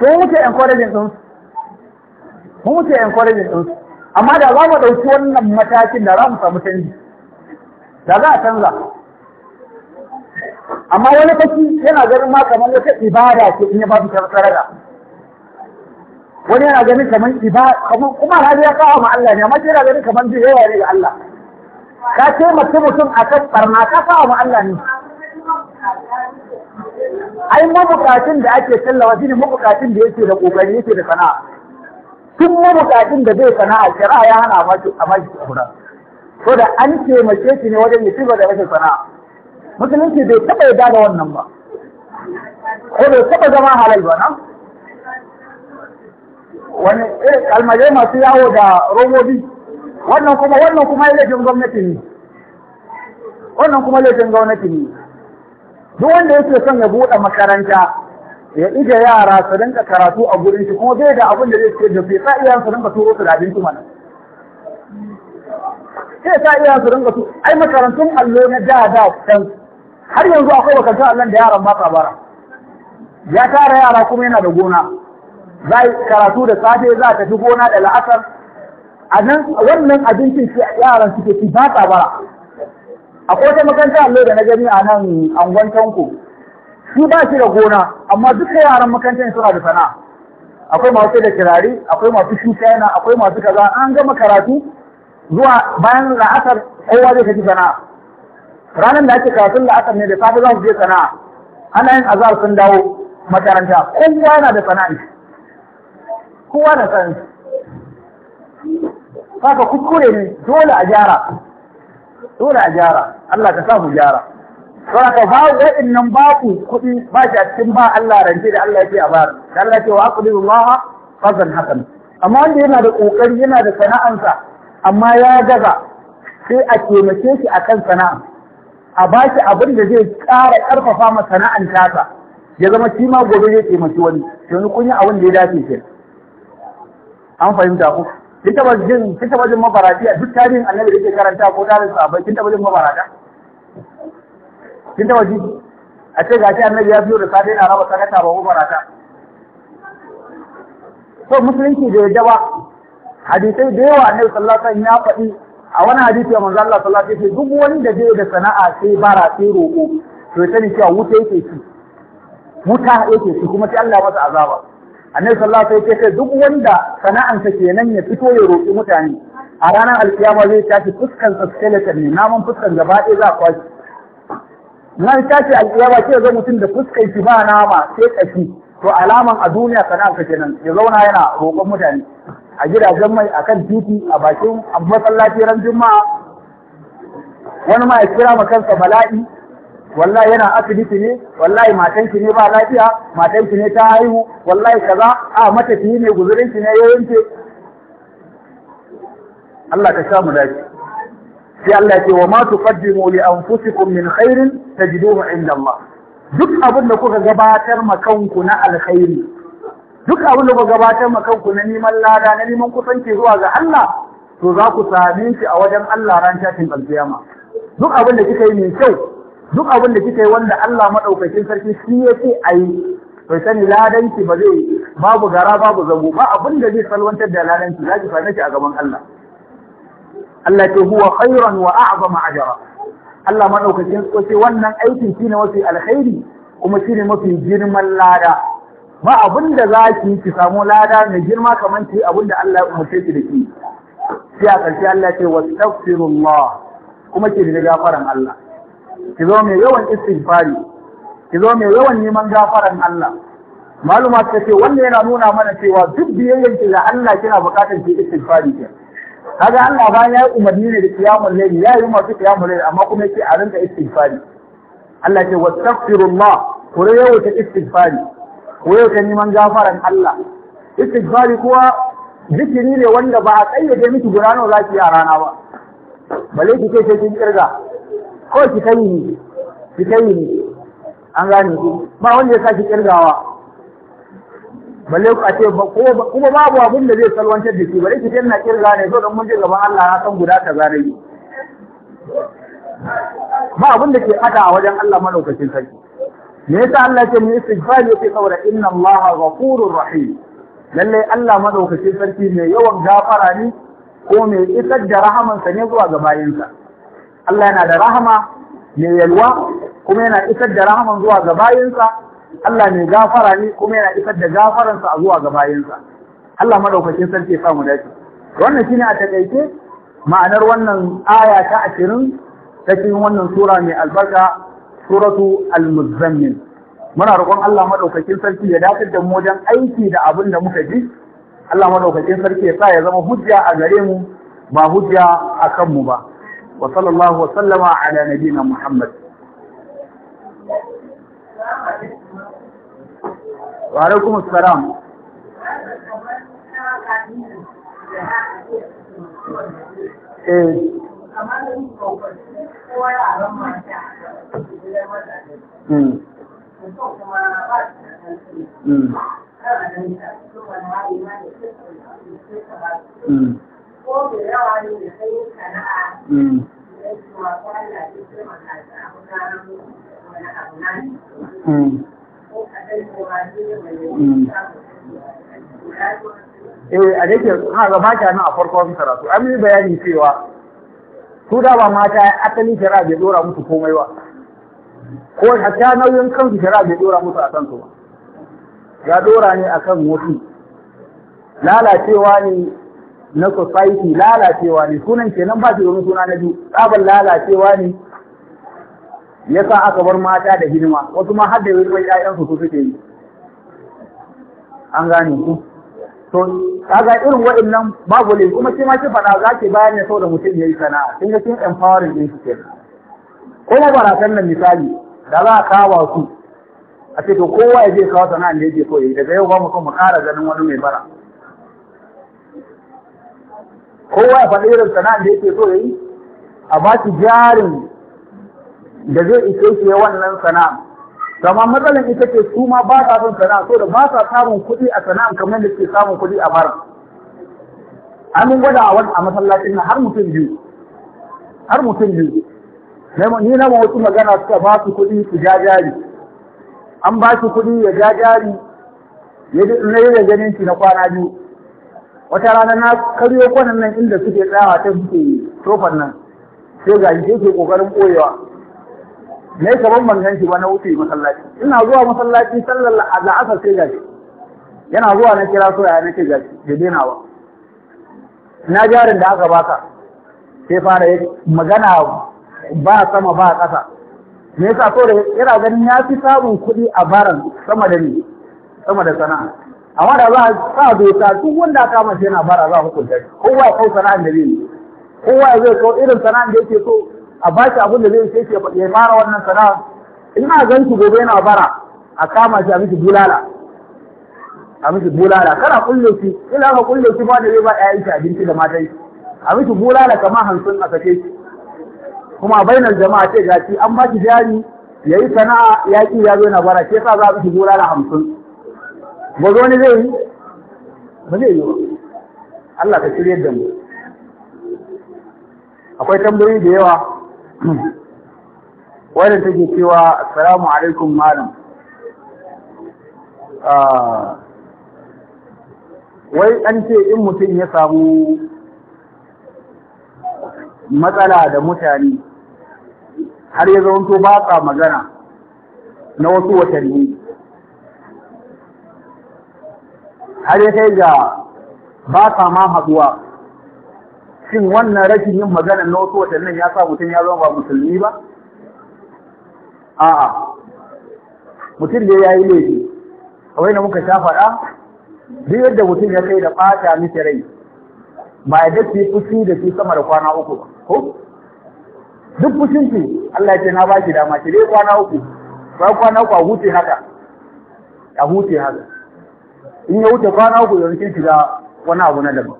sun wuce encouraging ɗinsu sun wuce encouraging ɗinsu amma da za mu ɗauki wannan matakin da za mu samu canji da za a canza amma wani fashi yana ganin ma kamar wata ibada ce in ya babu sarrafa wani yana ganin kamar iba kuma alhaji ya kawo ma Allah ne amma yana ganin kamar zai yawa ne ga Allah ka ce mutum mutum a kan barna ka kawo ma Allah ne ai mabukacin da ake tallawa shine mabukacin da yake da kokari yake da sana'a tun mabukacin da zai sana'a shari'a ya hana a mashi kura ko da an ce taimake shi ne wajen ya ci da rashin sana'a musulunci bai taɓa yarda da wannan ba ko bai taɓa zama halal ba na wani eh, irin masu yawo da robobi wannan kuma wannan kuma laifin gwamnati ne wannan kuma laifin gwamnati ne duk wanda yake son ya buɗe makaranta ya ije yara su rinka karatu a gurin shi kuma zai da abin da zai ce da sai sa iyayen su rinka turo su da abinci mana sai sa iyayen su rinka su. ai makarantun allo na da da kan har yanzu akwai makarantun allon da yaran ba sa bara ya tara yara kuma yana da gona za yi karatu da safe za tafi gona da la'asar a nan wannan abincin yaran suke ci ba ta bara akwai wata makaranta allo da na gani a nan angon tanko shi ba shi da gona amma dukkan yaran makarantar suna da sana'a akwai masu da kirari akwai masu shi china akwai masu kaza an gama karatu zuwa bayan la'asar kowa zai tafi sana'a ranar da ake karatun la'asar ne da safe za su je sana'a ana yin azar sun dawo makaranta kowa yana da sana'a kowa da san haka kuskure ne dole a gyara dole a gyara Allah ka sa mu gyara ka ba wa'annan babu kuɗi ba shi a cikin ba Allah rance da Allah ya ce a bayar da Allah ce wa aqdiru Allah fazan hakan amma wanda yana da kokari yana da sana'ansa amma ya gaza sai a taimake shi akan sana'a a ba shi abin da zai ƙara ƙarfafa ma sana'an tasa ya zama shi ma gobe zai taimaki wani to ni kun yi abin da ya dace shi an fahimta ku kin taba jin kin taba jin mabarati a duk tarihin annabi da ke karanta ko tarihin sahabbai kin taba jin mabarata kin taba ji a ce gashi annabi ya biyo da safe na raba sadaka ba mabarata Ko musulunci da ya ba hadisai da yawa annabi sallallahu alaihi wasallam ya faɗi a wani hadisi ya manzo Allah sallallahu alaihi wasallam duk wanda zai da sana'a sai bara sai roƙo to sai ne cewa wuta yake ci, wuta yake ci kuma sai Allah masa azaba annabi sallallahu alaihi wasallam sai duk wanda sana'arsa kenan ya fito ya roƙi mutane a ranar alkiyama zai tashi fuskan skeleton ne naman fuskan gaba ɗaya za a kwashi nan tashi alkiyama ke zo mutum da fuskan shi ba nama sai kashi to alaman a duniya sana'ansa kenan ya zauna yana roƙon mutane a gidajen mai akan titi a bakin masallaci ran juma'a wani ma ya kira ma kansa bala'i wallahi yana asibiti ne wallahi matanki ne ba lafiya Matanki ne ta haihu wallahi kaza a mata ki ne guzurin ki ne ya yanke Allah ka samu dace sai Allah ya ce wa ma tuqaddimu li anfusikum min khairin tajiduhu inda Allah duk abin da kuka gabatar ma kanku na alkhairi duk abin da kuka gabatar ma kanku na neman lada na neman kusanci zuwa ga Allah to za ku same shi a wajen Allah ran tashin alkiyama duk abin da kika yi mai kyau duk abin da kika yi wanda Allah madaukakin sarki shi yake ayi to sani ladanki ba zai babu gara babu zango ba abin da zai salwantar da ladanki za ki same shi a gaban Allah Allah ce huwa khairan wa a'zama ajra Allah madaukakin sarki wannan aikin shine mafi alkhairi kuma shine mafi girman lada ba abin da za ki ki samu lada mai girma kamar ki abin da Allah ya umarce ki da ki sai a ƙarshe Allah ce wastaghfirullah kuma ki da gafaran Allah ki zo mai yawan istighfari ki zo mai yawan neman gafaran Allah maluma ta ce wannan yana nuna mana cewa duk biyayyen ki ga Allah kina buƙatar ki istighfari ki kaga Allah bayan ya yi umarni ne da kiyamul layli ya yi masu kiyamul layli amma kuma yake a rinka istighfari Allah ce wastaghfirullah ku yawaita istighfari ku yawaita neman gafaran Allah istighfari kuwa zikiri ne wanda ba a kayyade miki gudanar zaki a rana ba bale ki ce kin kirga ko ki kai ni ki kai ni an gane ku ba wanda ya saki kirgawa balle ku a ce kuma babu abin da zai salwantar da shi bare ki tana kirga ne so dan mun je gaban Allah ya san guda ta zare ni ba abin da ke ada a wajen Allah madaukakin sarki me yasa Allah ya ce mu istighfari yake saboda inna Allah ghafurur rahim lalle Allah madaukakin sarki mai yawan gafara ne ko mai isar da rahamansa ne zuwa ga bayinsa Allah yana da rahama mai yalwa kuma yana isar da rahaman zuwa ga bayinsa Allah mai gafara ne kuma yana isar da gafaransa zuwa ga bayinsa Allah madaukakin sarki ya samu dace wannan shine a takaice ma'anar wannan aya ta 20 ta cikin wannan sura mai albarka suratu al-muzammil muna roƙon Allah madaukakin sarki ya dakatar da mu wajen aiki da abin da muka ji Allah madaukakin sarki ya sa ya zama hujja a gare mu ba hujja a kanmu ba وصلى الله وسلم على نبينا محمد وعليكم السلام ايه, إيه. إيه. إيه. yawa a ba Eh a dake ha ga nan farkon karatu an yi bayani cewa su da ba mata asali shara bai dora musu komai ba ko a ta nauyin kansu shara bai dora musu a kansu ba ya dora ne akan mutu? lalacewa ne na society lalacewa ne sunan kenan ba shi domin suna na biyu tsabar lalacewa ne ya sa aka bar mata da hidima wasu ma har da yi bai ƴaƴansu su suke yi an gane ku to kaga irin waɗannan babu ne kuma shi ma shi faɗa za ki bayar ne saboda mutum ya yi sana'a kin ga kin empowering din shi kenan kuma baratan nan misali da za a kawo su a ce to kowa ya je kawo sana'ar da yake so ya yi daga yau ba mu so mu ƙara ganin wani mai bara kowa faɗi irin sana'ar da yake so ya yi a ba shi jarin da zai ike shi wannan sana'a kama matsalar ita ce su ma ba sa son sana'a so da ba sa samun kuɗi a sana'a kamar da ke samun kuɗi a bara an gwada a wani a masallacin nan har mutum biyu har mutum biyu ni na wasu magana suka ba su kuɗi su ja jari an ba su kuɗi ya ja jari na yi da ganin shi na kwana biyu wata rana na karyo kwanan nan inda suke tsawa ta suke tofan nan sai ga shi ke kokarin Na ne kaman ban ganshi ba na wuce masallaci ina zuwa masallaci sallar al'asar sai gashi yana zuwa na kira soya ya ce gashi da daina ba na jarin da aka baka sai fara magana ba sama ba ƙasa me yasa so da yana ganin ya fi samun kuɗi a baran sama da ni sama da sana'a amma da za a doka duk wanda aka mace yana bara za a hukunta shi kowa ya kau sana'an da zai yi kowa ya zai kau irin sana'an da yake so a ba shi abin da zai sai ya fara wannan sana'a ina gan shi gobe yana bara a kama shi a miki bulala a miki bulala kana kulle shi ina ka kulle shi ba da zai ba ƴaƴan shi abinci da matai a miki bulala kamar hamsin a sake shi kuma a bainar jama'a ce gaci an ba shi jari yayi sana'a yaƙi ya zo yana bara Ke sa za a miki bulala hamsin gwazo wani zai yi ba zai yi Allah ka shirya da mu akwai tambayoyi da yawa wadda take cewa assalamu alaikum malam ah, wai an ce in mutum ya samu matsala da mutane har ya zaunto ba magana na wasu watanni har ya kai ga ba sa ma haɗuwa shin wannan rashin yin magana na wasu watannin ya sa mutum ya zama ba musulmi ba a'a mutum da ya yi laifi kawai na muka sha faɗa duk yadda mutum ya kai da ɓata miki rai ba ya dace fushi da shi sama da kwana uku ba ko duk fushin Allah ya ce na baki dama ki dai kwana uku ba kwana uku a huce haka a huce haka in ya wuce kwana uku yanzu kin shiga wani abu na daban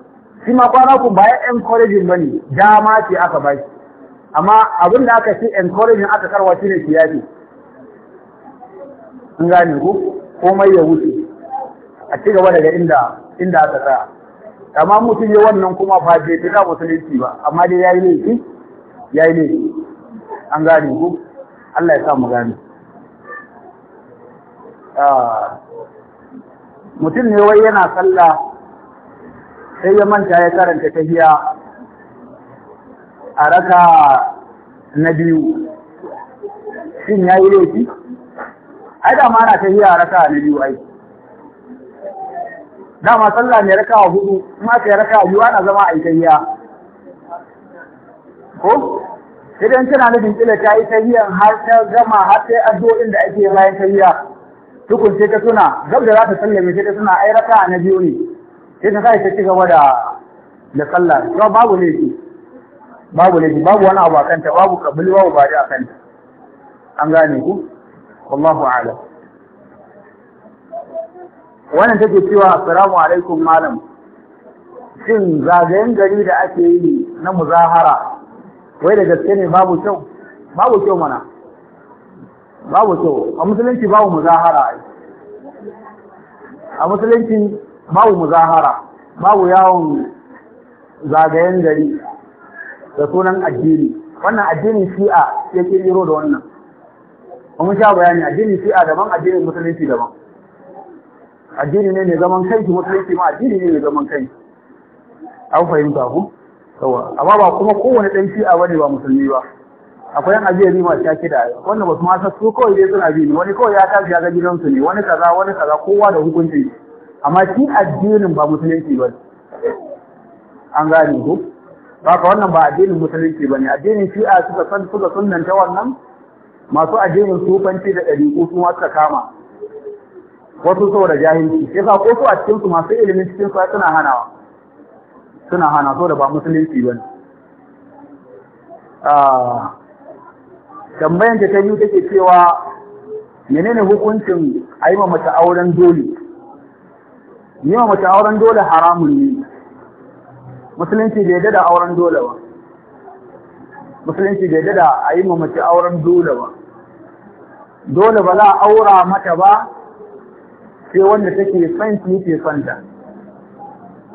shi ma kwana uku ba ya encouraging bane dama ce aka ba shi amma abin da aka ce encouraging aka karwa shi ne kiyaye an gane ku komai ya wuce a ci gaba daga inda inda aka tsaya amma mutum ya wannan kuma ba je ta musulunci ba amma dai yayi laifi yayi laifi an gane ku Allah ya sa mu gane ah mutum ne wai yana sallah sai ya manta ya karanta ta tahiya a raka na biyu shin ya yi laifi ai da ma na tahiya a raka na biyu ai dama sallah ne raka hudu kuma sai raka biyu ana zama a yi tahiya ko idan tana nufin kila ta yi ta tahiyan har ta gama har sai addu'o'in da ake bayan ta tahiya tukun sai ta suna gab da za ta sallame sai ta suna ai raka na biyu ne sai ta sai ta ci gaba da da sallah to babu shi, babu ne shi, babu wani abu akan ta babu kabili babu bari akan ta an gane ku wallahu a'lam wannan take cewa assalamu alaikum malam shin zagayen gari da ake yi na muzahara wai da gaske ne babu kyau babu kyau mana babu kyau a musulunci babu muzahara a musulunci babu muzahara babu yawon zagayen gari da sunan addini wannan addini shi'a ya iro da wannan mun sha bayani addini shi'a daban addinin musulunci daban addini ne mai zaman kai, musulunci ma addini ne mai zaman kai. an fahimta ku kawai amma ba kuma kowane ɗan shi'a bane ba musulmi ba akwai yan ajiyar rima ta shida Wannan ba su ma san su kawai dai suna bi wani kawai ya tashi ya ga gidansu ne wani kaza wani kaza kowa da hukunci amma shi addinin ba musulunci ba an gane ko ba ka wannan ba addinin musulunci ba ne addinin shi'a suka san suka ta wannan masu addinin sufanci da ɗari su ma suka kama wasu saboda jahilci sai ka ko su a cikin su masu ilimin cikin su suna hanawa suna hana saboda ba musulunci ba ne ah, tambayan ta ta biyu take cewa menene hukuncin a yi mace auren dole yi ma mace auren dole haramun ne musulunci bai dada auren dole ba musulunci bai dada da a yi mace auren dole ba dole ba za a aura mata ba sai wanda take son shi ke son ta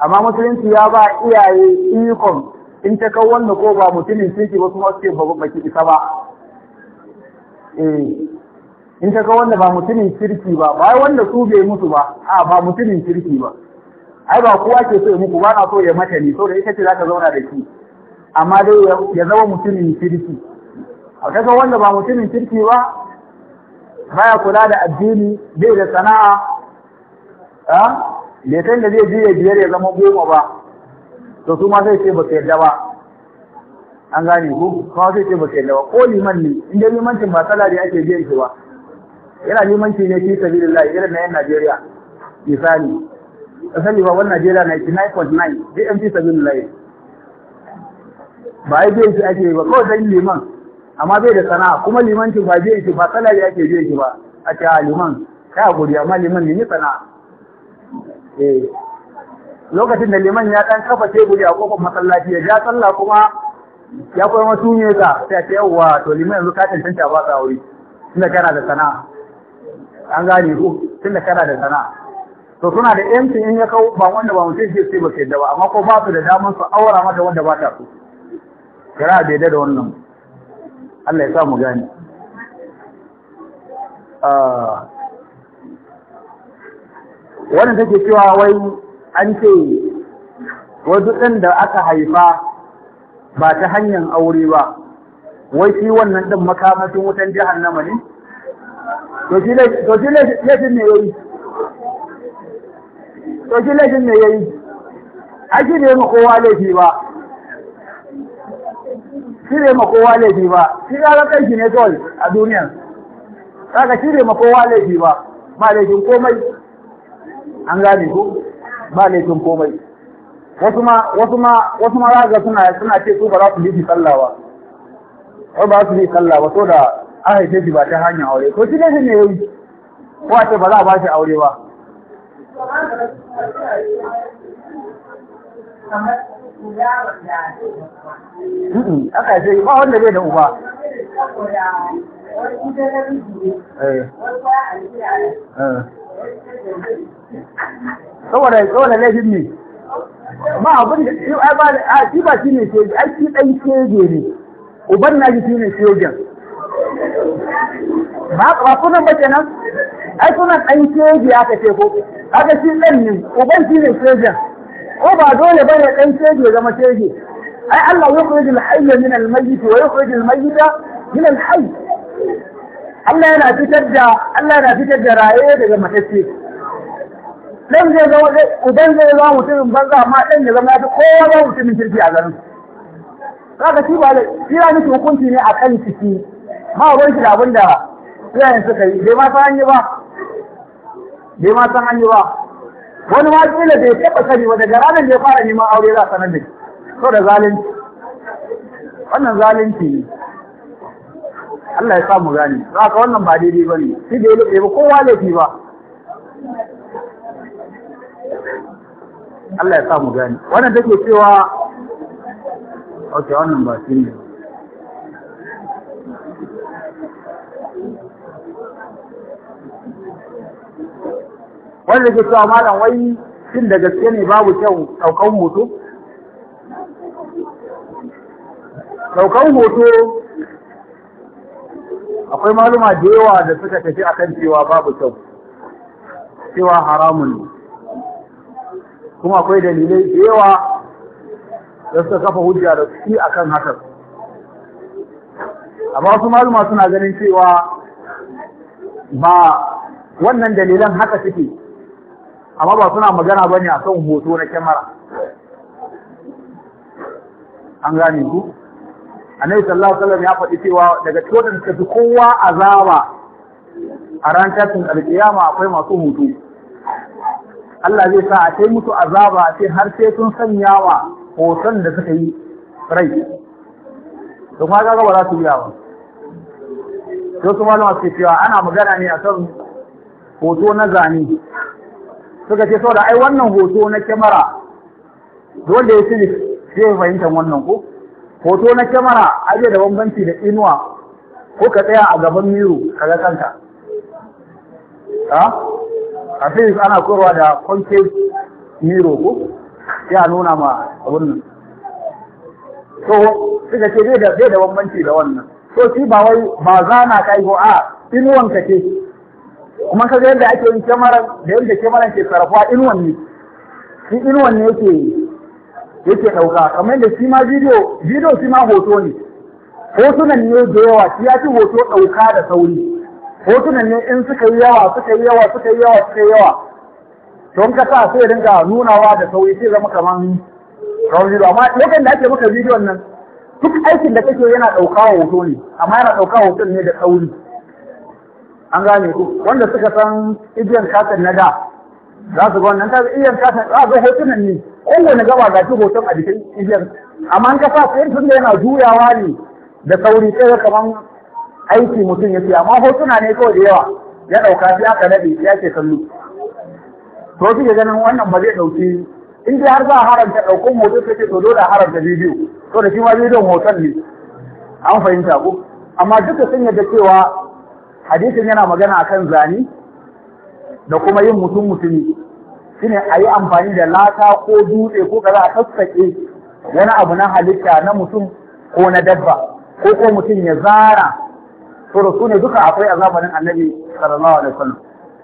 amma musulunci ya ba iyaye ikon in ta kawo wanda ko ba mutumin sai ke wasu wasu ke ba ki isa ba Eh. in ka ga wanda ba mutumin kirki ba ba wanda su bai mutu ba a ba mutumin kirki ba ai ba kowa ke so ya muku ba na so ya mata ne so da ita ce za ta zauna da shi amma dai ya zama mutumin kirki a kaga wanda ba mutumin kirki ba baya kula da addini bai da sana'a a bai san da zai ya biyar ya zama goma ba to su ma zai ce ba su yarda ba an gane ko kawo zai ce ba yadda ba ko liman ne in dai limancin ba da ake biyan shi ba yana limanci ne fi sabilillah irin na yan Najeriya misali asali ba wani Najeriya na 99.9 dai an fi sabilillah ba yi biyan shi ake ba kawai dan liman amma bai da sana'a kuma limancin ba biyan shi ba da ake biyan shi ba a ce a ah, liman kai guri amma liman ne ni sana'a eh, lokacin da liman ya dan kafa teburi a kofar masallaci ya ja sallah kuma ya koyi masu ne ta sai ta yawwa to liman yanzu ka cancanta ba ka wuri tunda kana da sana'a an gane ko tunda kana da sana'a to suna da yanci in ya kawo ba wanda ba mutum shi sai ba ke da ba amma ko ba su da damar su aura mata wanda ba ta so kira bai da wannan Allah ya sa mu gane ah, wannan take cewa wai an ce wajen da aka haifa ba ta hanyar aure ba wai shi wannan ɗin makamashin wutan nama ne to shi laifin ne ya to shi laifin ne yayi ake ne ma kowa laifi ba shi ne ma kowa laifi ba shi ga kai shi ne kawai a duniyan kaga shi ne ma kowa laifi ba ba laifin komai an gane ku ba laifin komai wasu ma wasu ma wasu ma za ga suna suna ce su ba za su yi sallah ba wai ba su yi sallah ba to da an haife shi ba ta hanyar aure ko shi ne ne yayi ko a ce ba za a ba shi aure ba aka ce ba wanda bai da uba eh. Eh. saboda saboda laifin ne ba abin da shi ai ba shi ba shi ne shege ai shi dan shege ne uban na shi ne shegen ba ba kuna ba kenan ai kuna dan shege aka kace ko aka shi dan ne uban shi ne shegen ko ba dole bane dan shege zama shege ai Allah yukhrij al hayya min al-mayyit wa yukhrij al mayyita min al-hayy Allah yana fitar da Allah yana fitar da raye daga matacce dan zai zama uban zai zama mutumin banza amma dan ya zama yafi kowa zama mutumin kirki a garin kaga shi ba shi ya miki hukunci ne a kan ciki ma ban shi da abin da iyayen suka yi bai ma san hanyar ba bai ma san hanyar ba wani ma kila bai taɓa sani ba daga ranar da ya fara neman aure za a sanar da shi da zalunci wannan zalunci ne Allah ya samu gani za ka wannan ba daidai ba ne shi da ya lube ba kowa laifi ba Allah ya samu gani wannan take cewa okay wannan ba shi ne wanda ke cewa malam wai shin da gaske ne babu kyau ɗaukan hoto Ɗaukan hoto akwai maluma da yawa da suka tafi akan cewa babu kyau cewa haramun ne kuma akwai dalilai da yawa da suka kafa hujja da a akan hakan amma wasu maluma suna ganin cewa ba wannan dalilan haka suke amma ba suna magana bane kan hoto na kyamara an gane ku annabi sallallahu alaihi wasallam ya faɗi cewa daga cikin da suka fi kowa azaba a ran tashin alƙiyama akwai masu hoto Allah zai sa a kai mutu azaba sai har sai sun sanya wa hoton da suka yi rai Da kuma gaba ba za su biya ba to su malama su cewa ana magana ne akan hoto na zane suka ce saboda ai wannan hoto na kyamara wanda ya sili sai fahimtar wannan ko hoto na kyamara aje da bambanci da inuwa ko ka tsaya a gaban miro kaga kanka ha a physics ana korwa da concave miro ko ya nuna ma abun nan so suka ce bai da bai da bambanci da wannan so shi ba wai ba na kai ko a inuwan ka ce kuma kaga yadda ake yin kyamarar da yadda kyamarar ke sarrafa inuwan ne shi inuwan ne yake yake dauka kamar da shi ma bidiyo bidiyo shi ma hoto ne hotunan ne da yawa shi ya ci hoto dauka da sauri hotunan ne in suka yi yawa suka yi yawa suka yi yawa suka yi yawa don ka sa sai rinka nunawa da sauyi sai zama kaman rauni ba amma lokacin da ake maka bidiyon nan duk aikin da kake yana ɗauka hoto ne amma yana ɗauka hoton ne da sauri an gane ku wanda suka san igiyan katin na da za su ga wannan ta igiyan katin a ga hotunan ne kowane gaba ga shi hoton a jikin igiyan amma an ka sa sai sun da yana juyawa ne da sauri sai kaman aiki mutum ya siya amma hotuna ne kawai da yawa ya ɗauka sai aka naɗe sai ake kallo to shi ga ganin wannan ba zai ɗauki in dai har za a haramta ɗaukun hoto sai ke to dole a haramta bidiyo to da shi ma bidiyon hoton ne an fahimta ko amma duka sun yadda cewa hadisin yana magana akan zani da kuma yin mutum mutumi shine a yi amfani da lata ko dutse ko kaza a sassaƙe wani abu na halitta na mutum ko na dabba ko ko mutum ya zara to su ne duka akwai a zamanin annabi sallallahu alaihi wasallam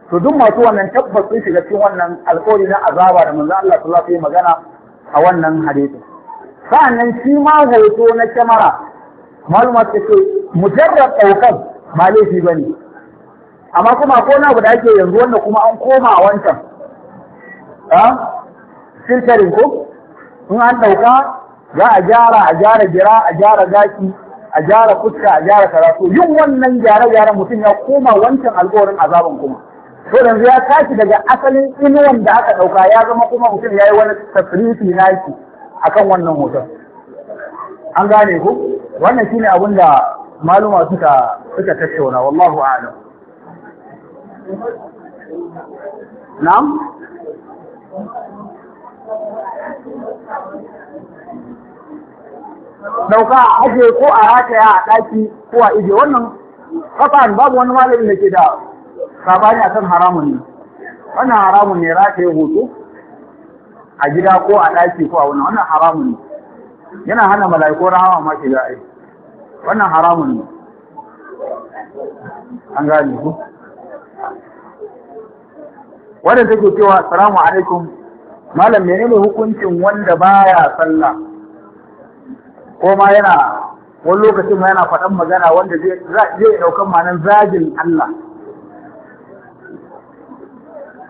to duk masu wannan tabbas sun shiga cikin wannan alƙawari na azaba da manzo Allah sallallahu alaihi magana a wannan hadisi sa'annan shi ma hoto na kyamara maluma ta ce mujarrar ɗaukar ba laifi ba ne amma kuma ko na guda ke yanzu wanda kuma an koma a wancan filtering ko in an ɗauka za gyara a gyara gira a gyara zaki a gyara fuska a gyara karatu yin wannan gyare-gyaren mutum ya koma wancan alkawarin azaban kuma to yanzu ya tashi daga asalin inuwan da aka ɗauka ya zama kuma mutum ya yi wani tasrifi naki kan wannan hoton an gane ku wannan shine abin da maluma suka suka tattauna wallahu a'lam na'am dauka a ajiye ko a rataya a ɗaki ko a ije wannan kafan babu wani malamin da ke da sabani akan haramun ne wannan haramun ne rataye hoto a gida ko a ɗaki ko a wannan. wannan haramun ne yana hana mala'iku rahama ma shiga ai wannan haramun ne an gane ku wanda take cewa assalamu alaikum malam menene hukuncin wanda baya sallah ko ma yana wani lokacin ma yana faɗan magana wanda zai ɗaukan manan zagin Allah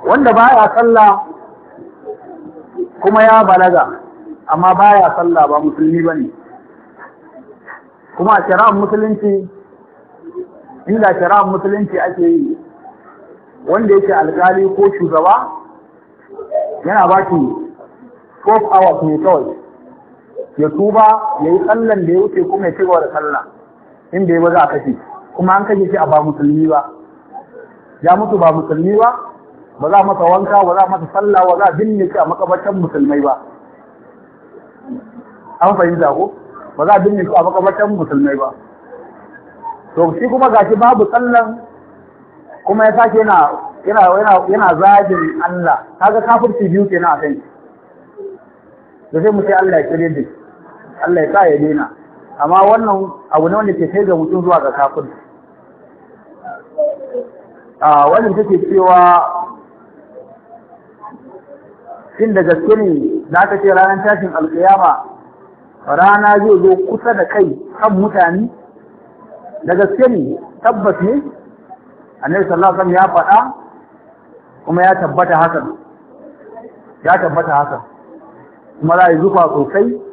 wanda ba ya sallah kuma ya balaga amma ba ya sallah ba musulmi ba ne. kuma a shari'ar musulunci inda shari'ar musulunci ake yi wanda yake alƙali ko shugaba yana ba ki 12 hours ne kawai ya tuba ya yi tsallan da ya wuce kuma ya cigaba da sallah inda ya ba a kashe kuma an kashe shi a ba musulmi ba ya mutu ba musulmi ba ba za masa wanka ba za masa sallah ba za a binne shi a makabartan musulmai ba an fahimta ko ba za a binne shi a makabartan musulmai ba to shi kuma gashi babu tsallan kuma ya sake yana yana yana yana zagin Allah kaga kafirci biyu kenan a kai da sai mu sai Allah ya kire da Allah ya sa ya daina amma wannan abu ne wanda ke kai ga mutum zuwa ga kafin a wannan take cewa shin da gaske ne za ka ce ranar tashin alkiyama rana zai zo kusa da kai kan mutane da gaske ne tabbas ne annabi sallallahu alaihi wasallam ya faɗa kuma ya tabbata hakan ya tabbata hakan kuma za a yi zufa sosai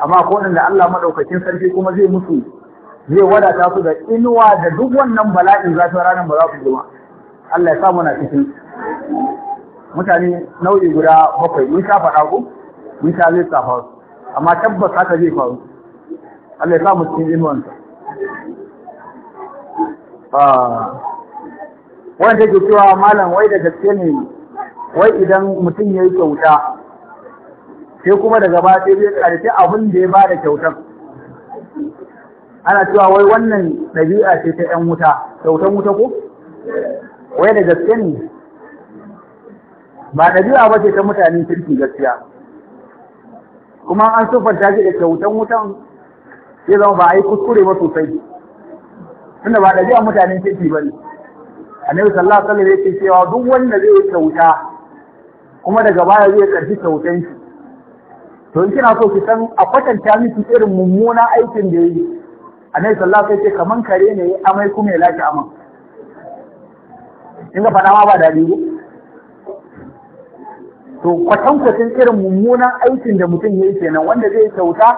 amma ko da Allah madaukakin sarki kuma zai musu zai wadata su da inuwa da duk wannan bala'in za su ranar ba za su zama Allah ya sa muna cikin mutane nau'i guda bakwai mun sha faɗa ku mun sha zai tsafa su amma tabbas haka zai faru Allah ya sa mu cikin inuwansa ah, wanda ke cewa malam wai da gaske ne wai idan mutum ya yi kyauta sai kuma daga ba sai zai ƙarfi abin da ya ba da kyautar ana cewa wai wannan ɗabi'a ce ta ‘yan wuta kyautar wuta ko wai da gaske ne ba ɗabi'a ba ce ta mutanen kirki gaskiya kuma an siffanta shi da kyautar wutan ya zama ba a yi kuskure ba sosai tunda ba ɗabi'a mutanen kirki ba ne annabi sallallahu alaihi wasallam yake cewa duk wanda zai kyauta kuma daga baya zai ƙarfi kyautan shi to kina so ki san a kwatanta miki irin mummuna aikin da yayi annabi sallallahu alaihi wasallam kaman kare ne amai kuma ya lafi aman in ga fada ma ba dadi ko to kwatan kwatan irin mummunan aikin da mutum yayi kenan wanda zai kyauta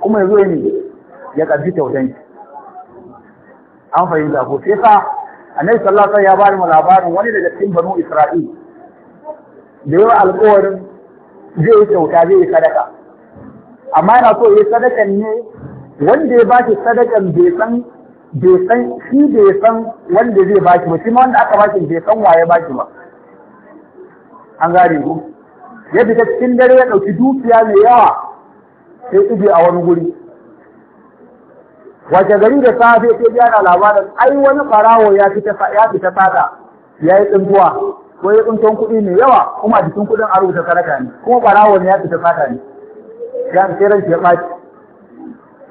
kuma ya zo ne ya karbi kyautan shi an fahimta ko sai sa annabi sallallahu alaihi wasallam ya bani labarin wani daga cikin banu isra'il da yawa alƙawarin zai yi kyauta zai yi sadaka amma yana so yi sadakan ne wanda ya bashi sadakan bai san bai shi bai san wanda zai bashi ba shi ma wanda aka bashi bai san waye bashi ba an gane ku ya fita cikin dare ya ɗauki dukiya mai yawa sai ije a wani guri wace gari da safe sai biya labarin ai wani farawo ya fita ya fita ya yi tsintuwa ko ya tsinton kuɗi mai yawa kuma jikin kuɗin a rubuta sadaka ne kuma ɓarawo ya fita fata ne ya fi ran ya ɓaci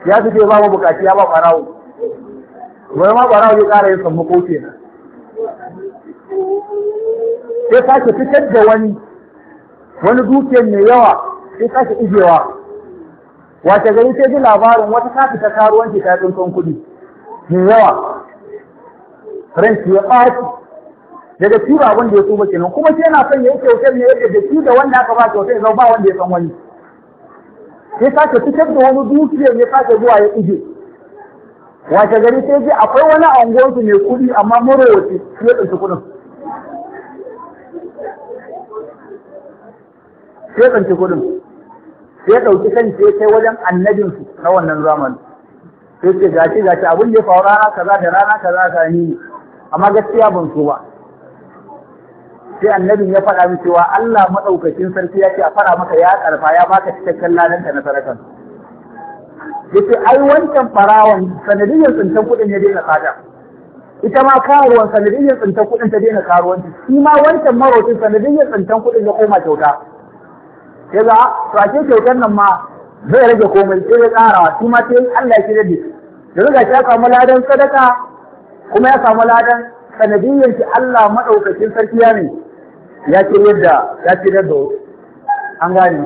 ya fi ba mu bukaci ya ba ɓarawo wani ma ɓarawo ya ƙara yin sammako kenan sai sake fitar da wani wani dukiyar mai yawa sai sake ijewa wace gari sai ji labarin wata ta fita karuwanci ta tsinton kuɗi mai yawa ran ya ɓaci daga shi ba wanda ya tsufa kenan kuma shi yana son ya yi kyautar ne yadda da shi da wanda aka ba kyautar zama ba wanda ya san wani sai sake fitar da wani dukiyar ya sake zuwa ya ije wace gari sai ji akwai wani angonsu mai kudi amma marowaci wace ya tsinci kudin sai tsinci kudin sai ɗauki kan sai kai wajen annabinsu na wannan zamani sai ce gashi gashi abin da ya faru rana kaza da rana kaza ka ni amma gaskiya ban so ba sai annabin ya faɗa min cewa Allah maɗaukacin sarki ya ce a fara maka ya karfa ya baka cikakken ladanka na sarakan yace ai wancan farawan sanadiyyar tsintan kuɗin ya daina tsada ita ma karuwan sanadiyyar tsintan kuɗin ta daina karuwanci shi ma wancan marocin sanadiyyar tsintan kuɗin ya koma kyauta sai ga ah, to ake kyautar nan ma zai rage komai sai ya tsarawa shi ma sai Allah ya kira da da riga ya samu ladan sadaka kuma ya samu ladan sanadiyyar shi Allah maɗaukacin sarki ya ne ya kiryar da ya kiryar da wasu an gane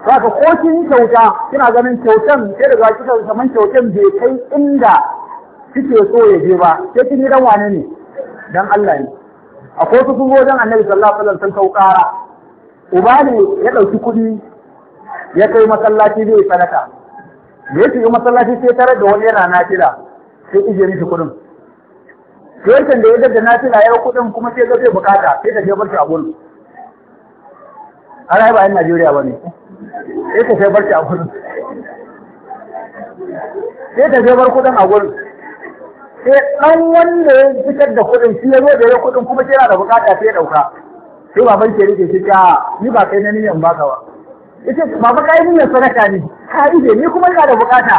Ba ka ko kin kyauta kina ganin kyautan sai daga kika saman kyautan bai kai inda kike so ya je ba sai kin yi dan wane ne dan Allah ne akwai su sun wajen dan Annabi sallallahu alaihi wasallam sun kaukara uba ne ya dauki kudi ya kai masallaci zai sadaka da yake yi masallaci sai tare da wani yana nafila sai ije mishi kudin sai da ya na tuna yau kuɗin kuma sai ga zai bukata sai da je barci a gudu Ana ba yan Najeriya ba ne. Sai ka sai barci a gudu Sai ka sai bar kuɗin a gudu Sai ɗan wanda ya fitar da kuɗin shi ya zo da ya kuɗin kuma sai yana da bukata sai ya ɗauka. Sai baban ke rike shi ta ni ba kai na niyan baka ba. Ita baba kai niyan sanaka ne. Ka ije ni kuma ina da bukata.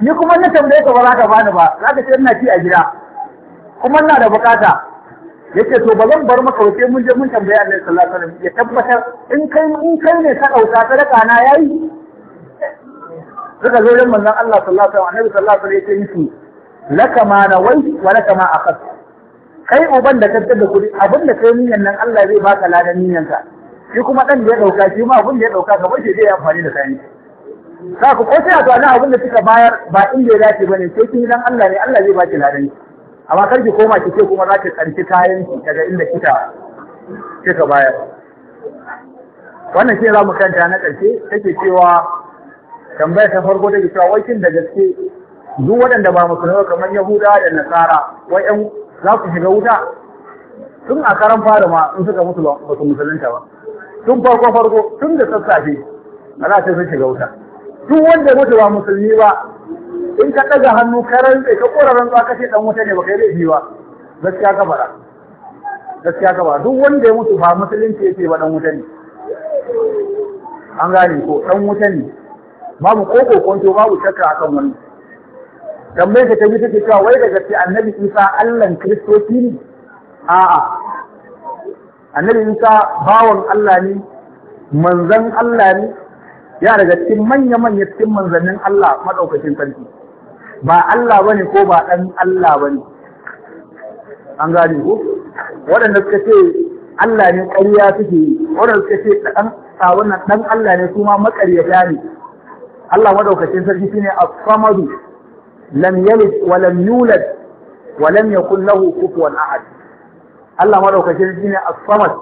Ni kuma na tambaye ka ba za ka bani ba. Za ka ce ina ci a gida. kuma ina da bukata yake to ba zan bar maka wace mun je mun tambaye Allah sallallahu alaihi wasallam ya tabbatar in kai in kai ne ka dauka sadaka na yayi suka zo da manzon Allah sallallahu alaihi wasallam annabi sallallahu alaihi wasallam yake yi laka ma wai wa laka ma akas kai uban da kake da kudi abin da kai niyan nan Allah zai baka ladan niyan ka shi kuma dan da ya dauka shi ma abin da ya dauka kamar shi zai amfani da kai sa ku ko sai a to abin da kika bayar ba inda ya dace bane sai kin dan Allah ne Allah zai baki ladan amma kar ki koma ki ce kuma za ki karki kayan ki daga inda kika kika bayar wannan shi za mu kanta na karshe take cewa tambaya ta farko take cewa wakin da gaske duk waɗanda ba musulmai kamar yahuda da nasara wai ƴan za ku shiga wuta tun a karan fara ma in suka mutu ba su musulunta ba tun farko farko tun da sassafe ana ce sun shiga wuta duk wanda mutu ba musulmi ba in ka ɗaga hannu ka rantse ka kora rantsuwa ka ce ɗan wuta ne ba kai laifi ba gaskiya ka fara gaskiya ka fara duk wanda ya mutu ba musulunci yake ba ɗan wuta ne an gane ko ɗan wuta ne babu ko kokonto babu shakka akan wannan tambayar ka tabi bi take cewa wai daga gaske annabi Isa allan Kiristoci ne a'a annabi Isa bawan Allah ne manzan Allah ne ya daga cikin manya-manya cikin manzannin Allah maɗaukacin sarki ba Allah bane ko ba ɗan Allah bane an gane ko waɗanda suka ce Allah ne ƙarya suke yi waɗanda suka ce ɗan wannan ɗan Allah ne kuma maƙaryata ne Allah maɗaukacin sarki shine as-samadu lam yalid wa lam yulad wa lam yakul lahu kufuwan ahad Allah maɗaukacin shine as-samad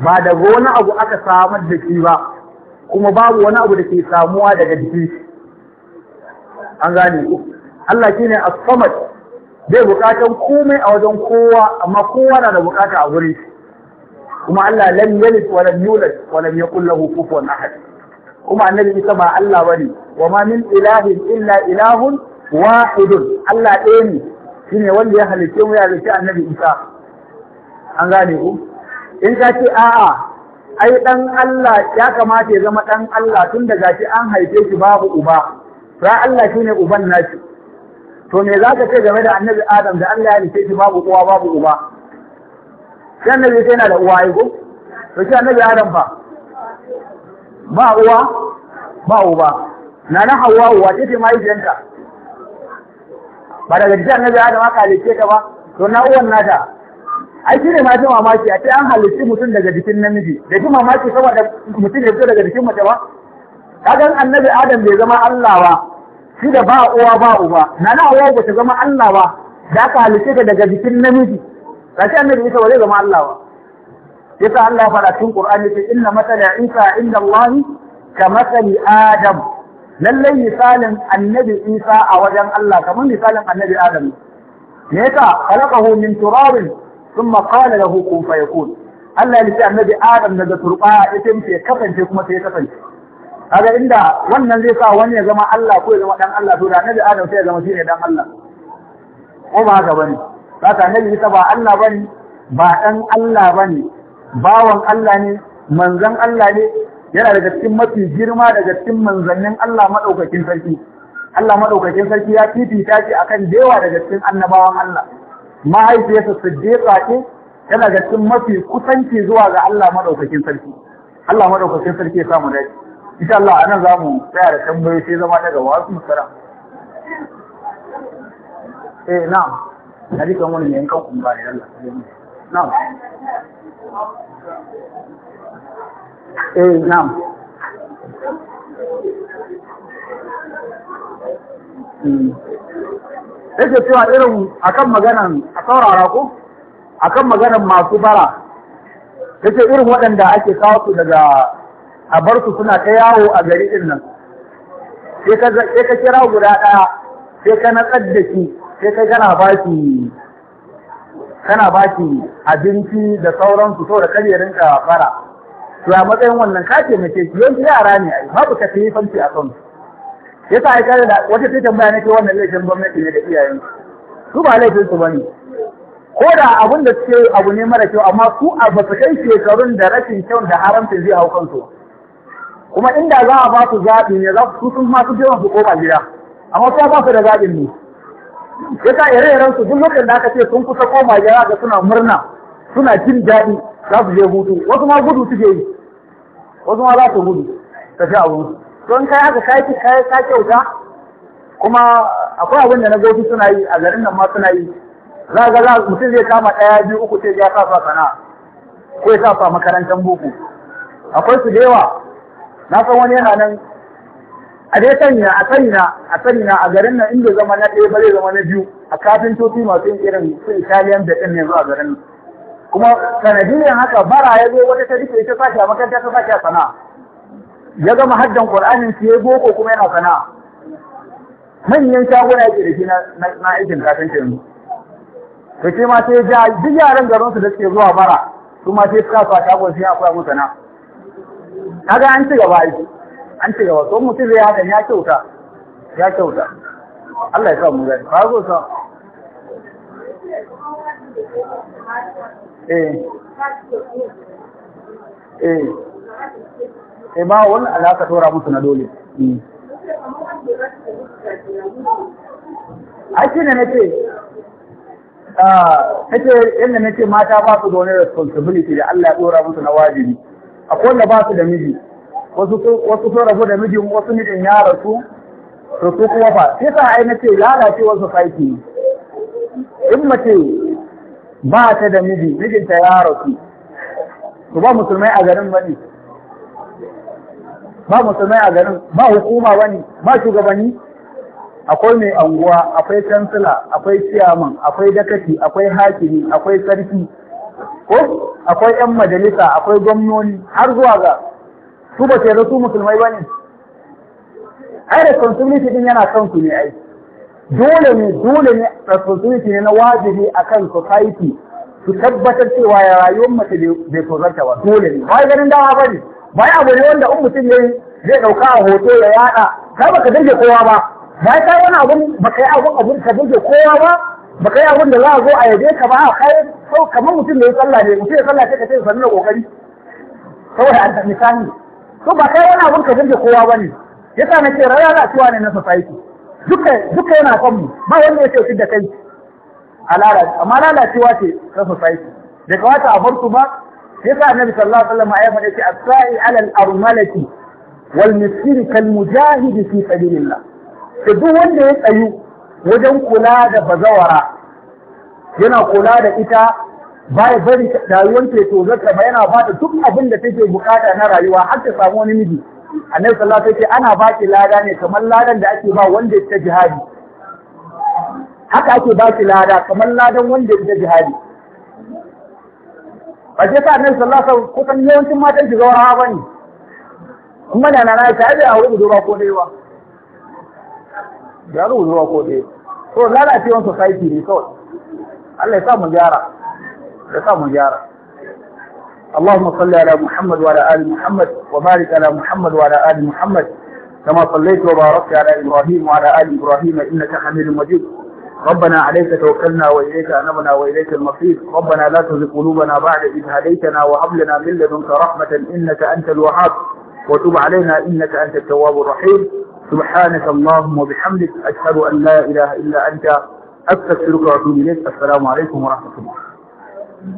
ba da wani abu aka samar da shi ba kuma babu wani abu da ke samuwa daga jiki an gane ku Allah shine as-samad bai bukatan komai a wajen kowa amma kowa na da bukata a gurin kuma Allah lam yalid wa lam yulad wa lam yakul lahu kufuwan ahad kuma annabi Isa ba Allah bane wa ma min ilahin illa ilahun wahidun Allah ɗaya ne shine wanda ya halice mu ya halice annabi Isa an gane ku in ka ce a'a ai ɗan Allah ya kamata ya zama ɗan Allah tun da gashi an haife shi babu uba ra Allah shine uban nashi to me za ka ce game da annabi Adam da Allah ya halice shi babu uwa babu uba sai annabi na da uwa ai ko to shi annabi Adam fa ba uwa ba uba na na hawa uwa ce mai janta ba daga jikin annabi Adam aka halice ta ba to na uwan nata ai ne ma jin mamaki a ce an halitti mutum daga jikin namiji da jin mamaki saboda mutum ya fito daga jikin mace ba kagan annabi adam bai zama Allah ba shi da ba uwa ba uba na uwa ba ta zama Allah ba da aka halitte ta daga jikin namiji kashi annabi isa ba zai zama Allah ba yasa Allah ya fara cikin Qur'ani ce inna matala isa inda Allah ka adam lallai misalin annabi isa a wajen Allah kamar misalin annabi adam ne yasa khalaqahu min turabin ثم قال له كن فيكون Allah ya ce annabi Adam daga turba ya ce mace kasance kuma sai ya kasance kaga inda wannan zai sa wani ya zama Allah ko ya zama dan Allah to da annabi Adam sai ya zama shine dan Allah ko ba haka bane saka annabi Isa ba Allah bane ba dan Allah bane bawan Allah ne manzon Allah ne yana daga cikin mafi girma daga cikin manzannin Allah madaukakin sarki Allah madaukakin sarki ya fifita shi akan dewa daga cikin annabawan Allah mahaifiyarsa siddiqa ce yana ga cikin mafi kusanci zuwa ga Allah madaukakin sarki Allah madaukakin sarki ya samu dace insha Allah anan zamu tsaya da tambayoyi sai zama daga wasu musara eh na hadi kan wani yankan kumba ne Allah Na. eh na. Mm. yake cewa irin akan maganan a saurara ko akan maganan masu bara yake irin waɗanda ake kawo su daga a bar su suna ta yawo a gari din nan sai ka kira guda ɗaya sai ka na da shi sai ka gana ba shi kana ba shi abinci da sauransu to da kare rinka bara to a matsayin wannan ka taimake shi yanzu yara ne ai babu ka tayi fanci a kansu yasa sa kare da wata sai bayan nake wannan laifin gwamnati ne da iyayen su ba laifin su bane ko da abun da suke abu ne mara kyau amma su a basu kai shekarun da rashin kyau da haramcin zai hau kansu kuma inda za a ba su zaɓi ne za su sun ma su su gida amma su ba su da zaɓin ne yasa yare iren su duk lokacin da aka ce sun kusa koma gida ga suna murna suna jin daɗi za su je hutu wasu ma gudu suke yi wasu ma za su gudu tafi abun su don kai aka kaki kai ka kyauta kuma akwai abin da na gobi suna yi a garin nan ma suna yi za ga za mutum zai kama ɗaya biyu uku ce ya sa sana'a ko ya sa makarantar boko akwai su da yawa na san wani yana nan a dai sanya a sanya a sanya a garin nan inda zama na ɗaya ba zai zama na biyu a kafin tofi masu yin irin su Italian da ɗin yanzu a garin nan kuma sanadiyyar haka bara ya zo wata ta rike ta sashi a makaranta ta sashi a sana'a ya gama haddan Qur'anin su ya boko kuma yana sana'a manyan shaguna yake da shi na aikin kafinta shirin ka ce ma sai ja duk yaran garin su da suke zuwa bara su ma sai suka sa shagon ya akwai musu na kaga an ci gaba aiki an ci gaba to mutum zai hakan ya kyauta ya kyauta Allah ya sa mu gani ba zo sa eh eh sai ba wani alaka tora musu na dole mm. aiki da nace nace yadda nake mata ba su da wani responsibility da Allah ya dora musu na wajibi akwai wanda ba su da miji wasu sun rabu da miji wasu mijin ya rasu to su kuma fa sai sa ai lalace lalacewar society in mace ba ta da miji mijinta ya rasu to ba musulmai a garin bane ba musulmai a garin ba hukuma bane ba shugabanni akwai mai anguwa akwai kansila akwai ciyaman akwai dakati akwai hakimi akwai sarki ko akwai yan majalisa akwai gwamnoni har zuwa ga su ba ce su musulmai ba ne. ai responsibility din yana kan su ne ai dole ne dole ne responsibility ne na wajibi akan society su tabbatar cewa ya rayuwar mace bai tozarta ba dole ne ba ganin dawa bane bai abu ne wanda in mutum yayi zai dauka a hoto ya yada kai baka dirge kowa ba bai kai wani abun baka yi abu abun ka dirge kowa ba baka yi abun da za a zo a yabe ka ba a kai kamar mutum da ya sallah ne mutum ya sallah sai ka ce sannu da kokari saboda an tafi sani to ba kai wani abun ka dirge kowa ba ne yasa na ce rayuwa tuwa ne na society duka duka yana kan mu ba wanda ya ce da kai a lalace amma lalacewa ce ta society bai kamata a farko ba yasa annabi sallallahu alaihi wasallam ya faɗa ce as-sa'i ala al-armalati wal miskin kal mujahid fi sabilillah to duk wanda ya tsayu wajen kula da bazawara yana kula da ita baya bari rayuwar ke to zata ba yana ba da duk abin da take bukata na rayuwa har ta samu wani miji annabi sallallahu alaihi wasallam ana baki lada ne kamar ladan da ake ba wanda ya ta jihadi haka ake baki lada kamar ladan wanda ya ta jihadi ba shi sa annabi sallallahu alaihi wasallam kusan yawancin matan shiga wani hawa ne in mana na na ta yi a wuri budurwa ko dai ba gyaru budurwa ko dai to lalacewan society ne kawai Allah ya sa mu gyara ya sa mu gyara اللهم صل على محمد وعلى آل محمد وبارك على محمد وعلى آل محمد كما صليت وباركت على إبراهيم وعلى آل إبراهيم إنك حميد مجيد ربنا عليك توكلنا وإليك أنبنا وإليك المصير ربنا لا تزغ قلوبنا بعد إذ هديتنا وهب لنا من لدنك رحمة إنك أنت الوهاب وتب علينا إنك أنت التواب الرحيم سبحانك اللهم وبحمدك أشهد أن لا إله إلا أنت أستغفرك وأتوب إليك السلام عليكم ورحمة الله